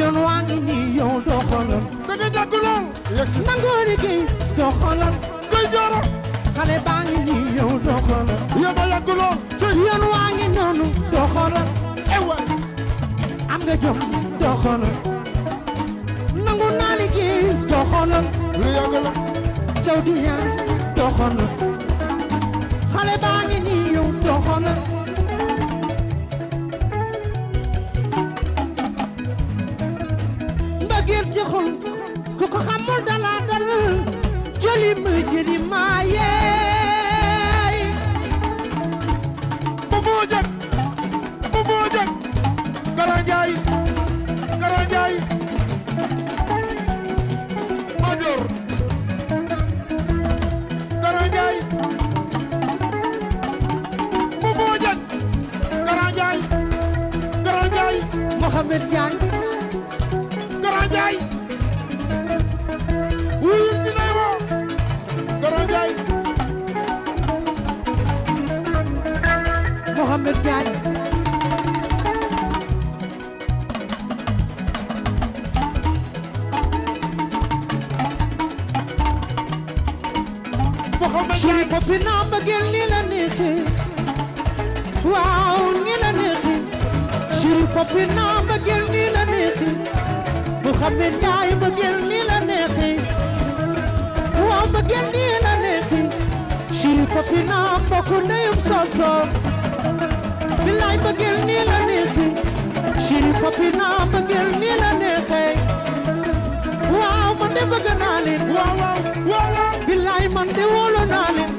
yoon waa ngi nii yow doxalam. da nga jàkku lool. yegg si nangoo liggéey doxalam. koy jooro. xale baa ngi nii yow doxalam. yow ba yàgg lool. yoon waa ngi noonu doxalam. ewa am nga jom doxalam. nangu naa liggéey doxalam. lu yàgg la. caw xale baa ngi nii yow doxalam. soob billaay bëggeel nii la neexee chéri papi naa bëggeel nii la neexee waaw man de bëgg naa leen waaw waaw billaay man de wóolu naa leen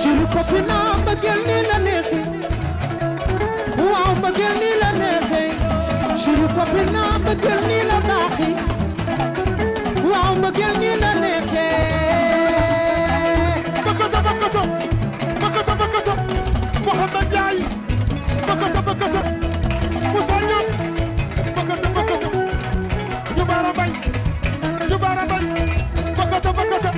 chéri papi naa bëggeel nii la neexee waaw bëggeel nii la neexee chéri papi naa bëggeel nii la baaxee waaw bëggeel nii bëkkësa Moussa Niang bëkkësa bëkkësa ñu baara bañ ñu baara bañ bëkkësa bëkkësa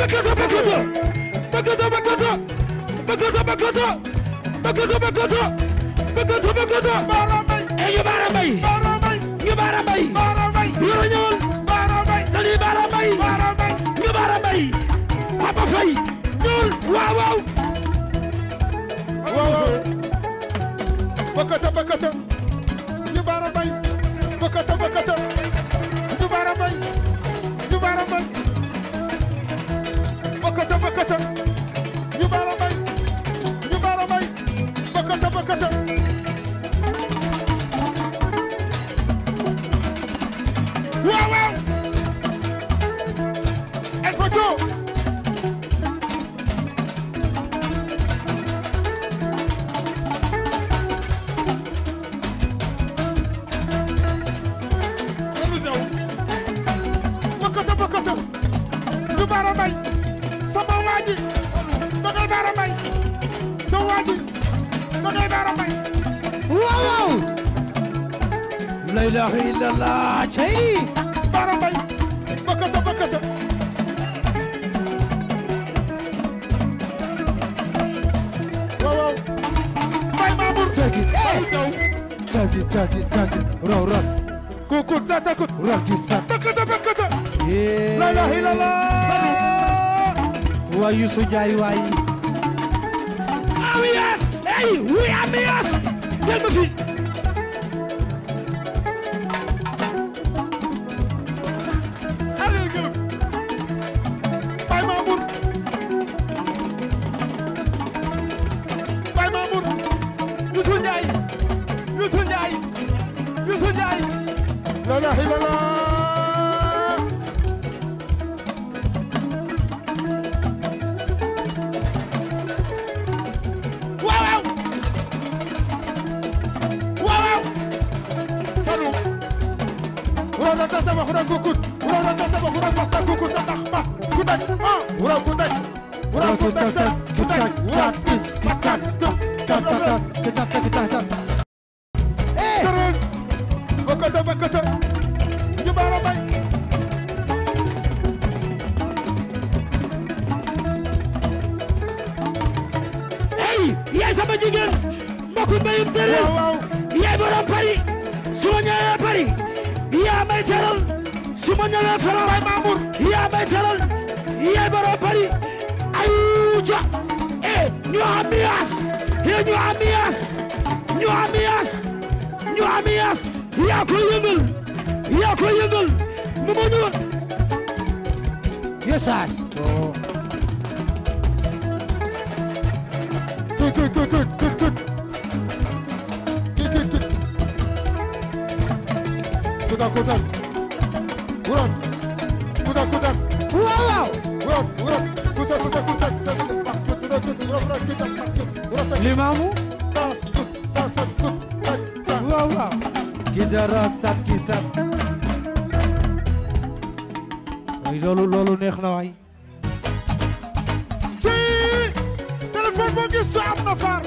bakata bakata bakata bakata bakata bakata bakata bakata bakata bakata eh, ñu baara mbay ñu baara mbay yoro ñëwal dañuy baara mbay ñu baara mbay papa fay ñëwal waaw waaw waaw bakata bakata ñu baara mbay bakata bakata ñu baara mbay ñu baara mbay bëkkata bëkkata ñu baara mbay ñu baara mbay bëkkata bëkkata ilaha illallah cey bara bay bakata bakata waaw bay mamour tagi tagi tagi tagi raw ras kukut zata kut rakisa bakata bakata la ilaha illallah wa yusu jaay waay awiyas ey wi amiyas jël ma fi na waay ci téléphone boo na far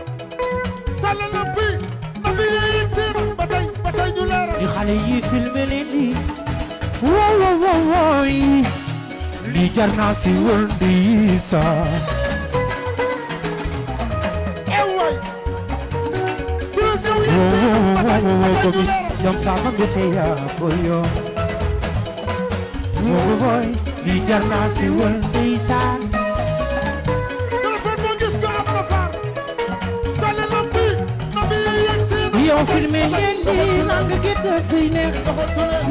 tàllal na fi na fi yéen seen ba tey ba tey ñu leeral ñu xale yi filmé leen lii wow wow wow di sax wo wo ko bis jam sama li jar naa siiwal ndeysaan téléphone moo gis ko am na far dale na bi na bi yegg si yow filmé leen li na nga gëdd fiy neex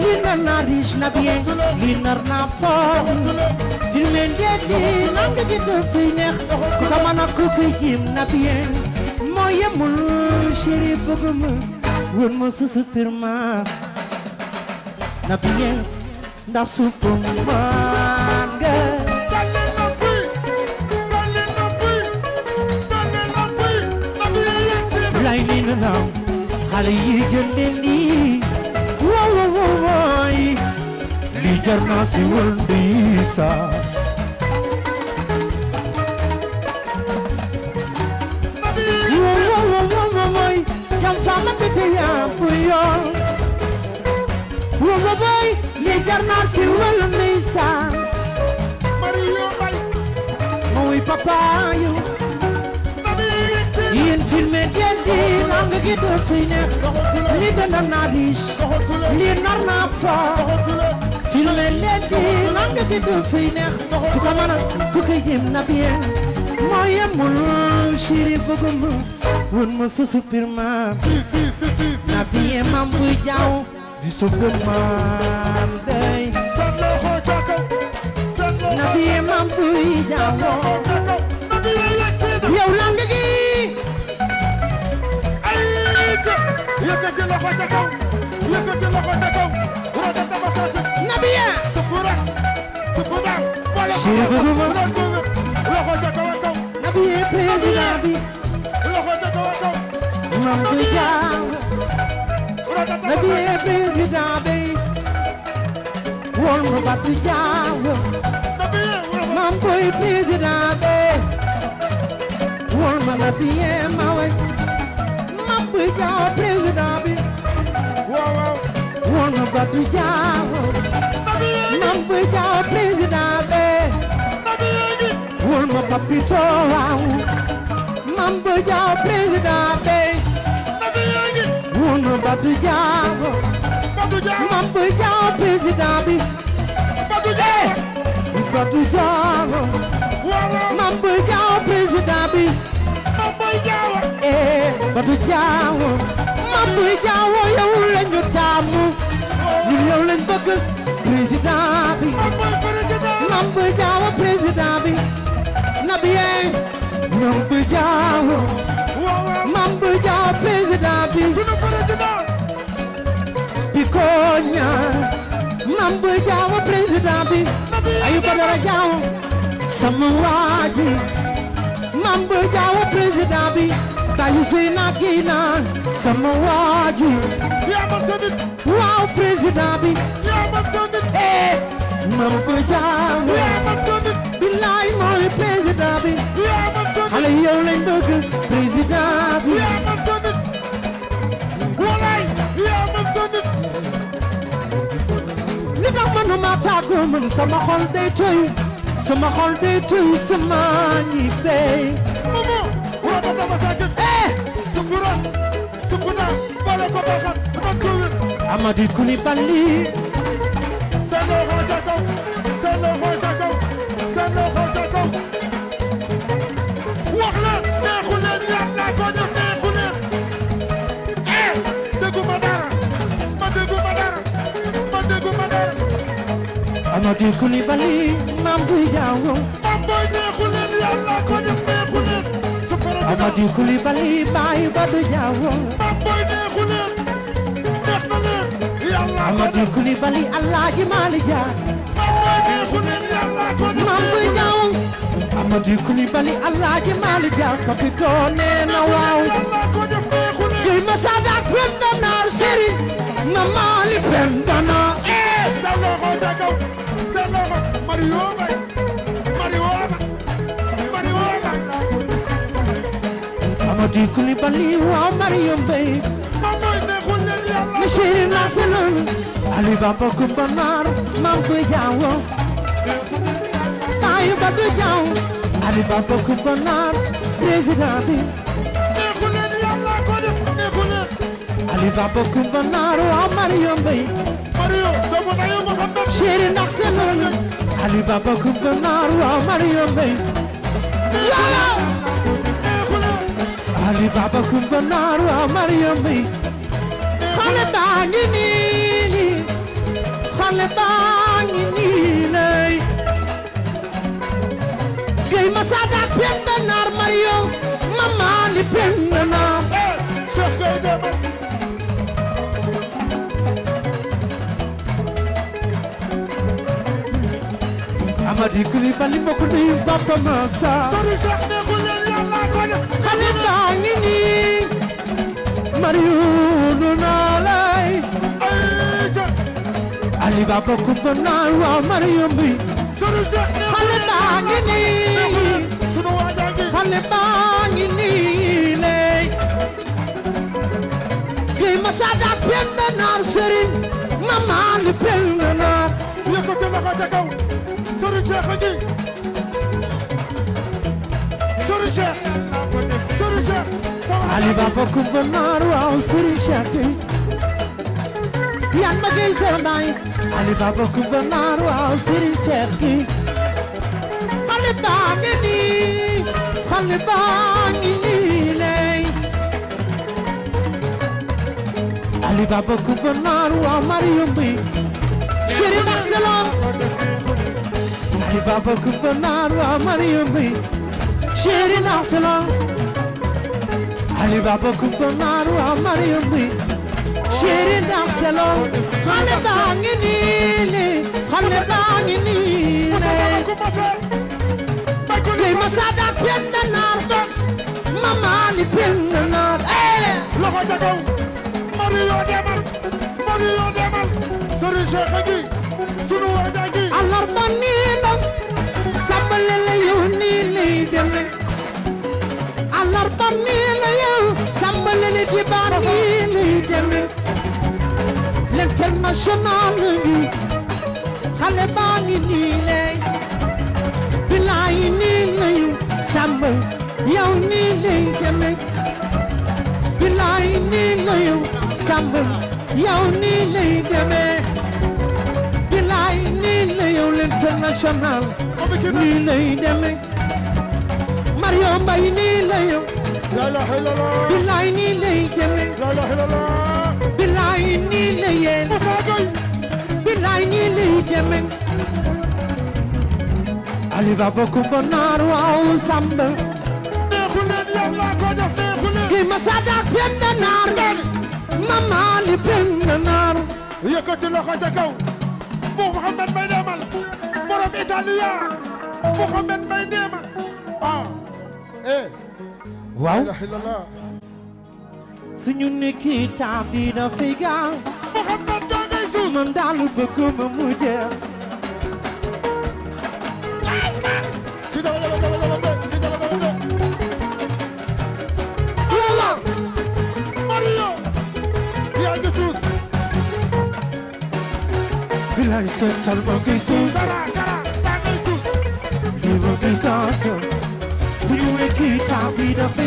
li nar naa riche na li nar naa fort filmé leen li na ku ko mën a ku ko jim na bien moo yemul chéri bëgg ma na bien ndax ma now xale yi gën leen di waaw waaw li jar wal di sa waaw waaw waaw waay jam sama bete yaa bu yor li jar naa si wal di sa Mario bay mooy papa filmé den di lam gi do fi neex li dana naa diis li nar naa fa filmé leen di lam gi do fi neex ku ko mën a ku ko jéem na bien moo yemul chéri bëggum won ma sa bu jaaw di supir day na bien bu jaaw loxo ca kaw yëkkati loxo ca kaw roda ta masati nabiya sukura sukura wala sukura loxo ca kaw kaw nabiya président bi loxo ca kaw kaw nabiya nabiya président bi wol ma batu jaaw mam boy président bi wol ma nabiya ma way mam boy jaaw président du jaaw mam bu jaaw président be wul ma papito waaw mam bu jaaw président be wul ma badu jaaw mam bu jaaw président bi badu jaaw badu jaaw mam bu jaaw président bi eh badu jaaw mam bu jaaw yow lañu taamu yow lañ bëgg président bi mam bu jaawa président bi na bien ñoom bu jaawa mam bu jaawa président bi bi ko mam bu jaawa président bi ayu badara jaawa sama waaji mam bu jaawa président bi tayu sey na kii naan sama waaji waaw président bi yaa ma sonit ee eh, mam ko jaaw yaa ma sonit billaay mooy président bi yaa ma sonit xale yow lañ bëgg président bi yaa ma sonit walaay yaa ma sonit li tax manuma tàggoo man sama xol day tooy sama xol day tooy sama ñi bay momo wala dama sa gis ee eh, tukura tukuna bala ko baxat Amadi Koulibaly Sen Laurent Jacob Sen Laurent Jacob Sen Laurent Jacob wax la neexu leen ko def neexu leen eh déggu ma dara ma déggu ma dara ma déggu ma dara Amadi Koulibaly Mam Boye Diao Mam Boye neexu leen yàq naa ko def neexu leen Amadi Koulibaly Baye Badou Diao Mam Boye Amadi Kulibali Alaaji Maalik Ja Maam Boy Ñaw Amadi Kulibali Alaaji Maalik Ja kapitoon nee na waaw Guy Masada fenda naar Sëriñ na Maalik fenda naa ee sa loxo sa kaw sa loxo Mario Bay Mario Mario Amadi Kulibali waaw Mario Bay Sëriñ laata loolu Ali Bamba Kumba Naar maam du jaaw taayu ba du Ali Bamba Kumba Naar président bi neexu leen yàlla Ali Bamba Kumba Naar waa oh, Mario Mbay Mario Ali Bamba Kumba Naar waa Mario Mbay yàlla Ali Bamba Kumba Naar waa oh, Mario Mbay xale baa ngi nii xale baa ngi nii lay gay ma saadaak penda naar Mario ma maali penda naar Amadi Kulibali ma ko nuyu papa ma saa xale baa ngi bëgg naa lay Ali Baba ku bëgg naa waa Mariam bi xale baa ngi nii xale baa ngi nii lay Géy Masada pend naar sëriñ Mama li pend naar yëkkati loxo ca kaw sëriñ Cheikh Aji Ali Baba kumba naar waaw Serigne Cheikh Gueye yan ma gey sa baay Ali naar waaw Serigne Cheikh Gueye xale baa ngi nii xale baa ngi nii lay naar waaw Mariam Bey Chéri Maxtalam Ali Baba kumba علي بابكم بالنار وعمر يمضي شيرين اختلون خلي باغني لي خلي باغني لي ما صادق فين النار ماما لي فين النار لغة تقوم مريو دمال مريو دمال سوري شيخي سنو وعداكي على الأرماني لم سبل اللي يهني لي دمي على الأرماني nii lii demee l'international bi xale baa ngi nii lay nii lay sàmba yow nii lay demee bilaay nii lay sàmba yow nii lay demee bilaay nii lay l'international nii lay demee Mario Mbaye nii lay la ilaha illallah nii lay demee la ilaha illallah billaay nii lay yéen Moussa Gueye billaay nii lay demee Ali Baba Kumba naar waaw Samba neexu leen yow laa ko def neexu leen gi ma sadak penda naar mama li penda naar yëkkati loxo ca kaw bu Mouhamed Mbaye demal borom italien Mouhamed Mbaye demal ah eh waaw suñu nekki taam bi na fi gaaw Muhammad doon na suuf man daal bëgg ma Bilay seetal ma ngi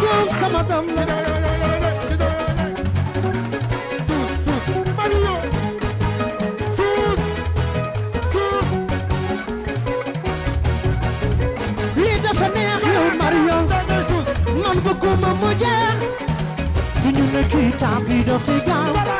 Diouf sama doom la suus suus Mario gaaw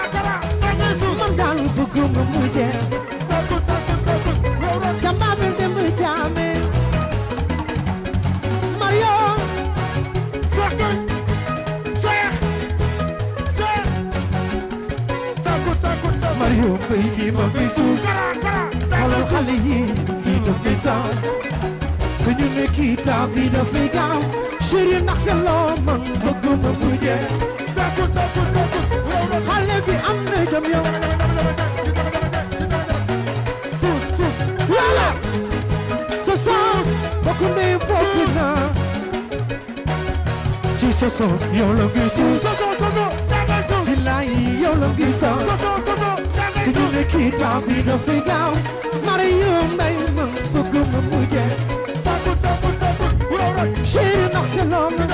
so yow la ngi suus billahi yow la ngi so si ñu ne kii taw bi dafay gaaw mara yow may ma bëgg ma mujje chéri naxte loo ma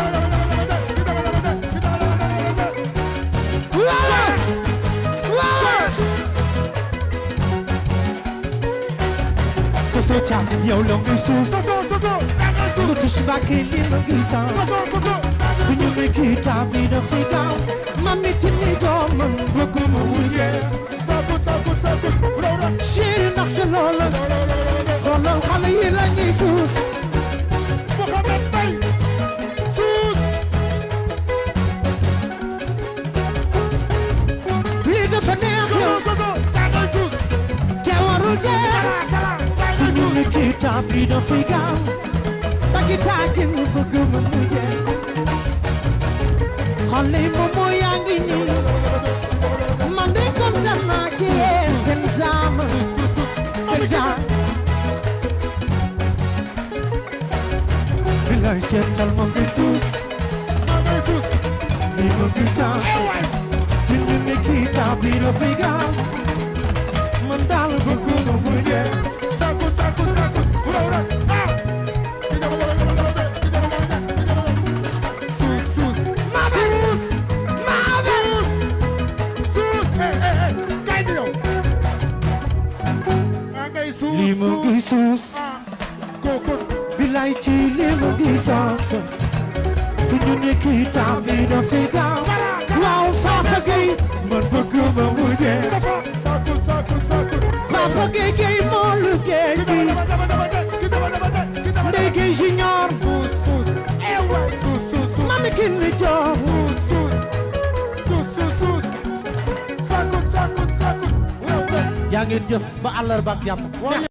so so yow la ngi suus lu tush ba kii li ma ngi so suñu mikita bi dafay gaaw mami ci ni doomam bëgg mu wuyee sabu sabu sabu loola chéri ndaxte loola xoolal xale yi la ñuy suus Mohamed Bay suus lii dafa neex yow dangay suus te warul jeex suñu mikita bi ole momo yaa ngi nii man de kontaan naa ci yéen Kenza ma Kenza bilaay seetal ma ngi suus ma ngi suus ni ma ngi saas sin ni mi kita bi licence suñu nekk itam bi dafi daaw waaw Fafa Gueye man bëgg ma mujje Fafa Gueye Gueye moo lu géej gi Ndeye Gueye junior mami kin li jox yaa ngeen jëf ba àllarba ak jàmm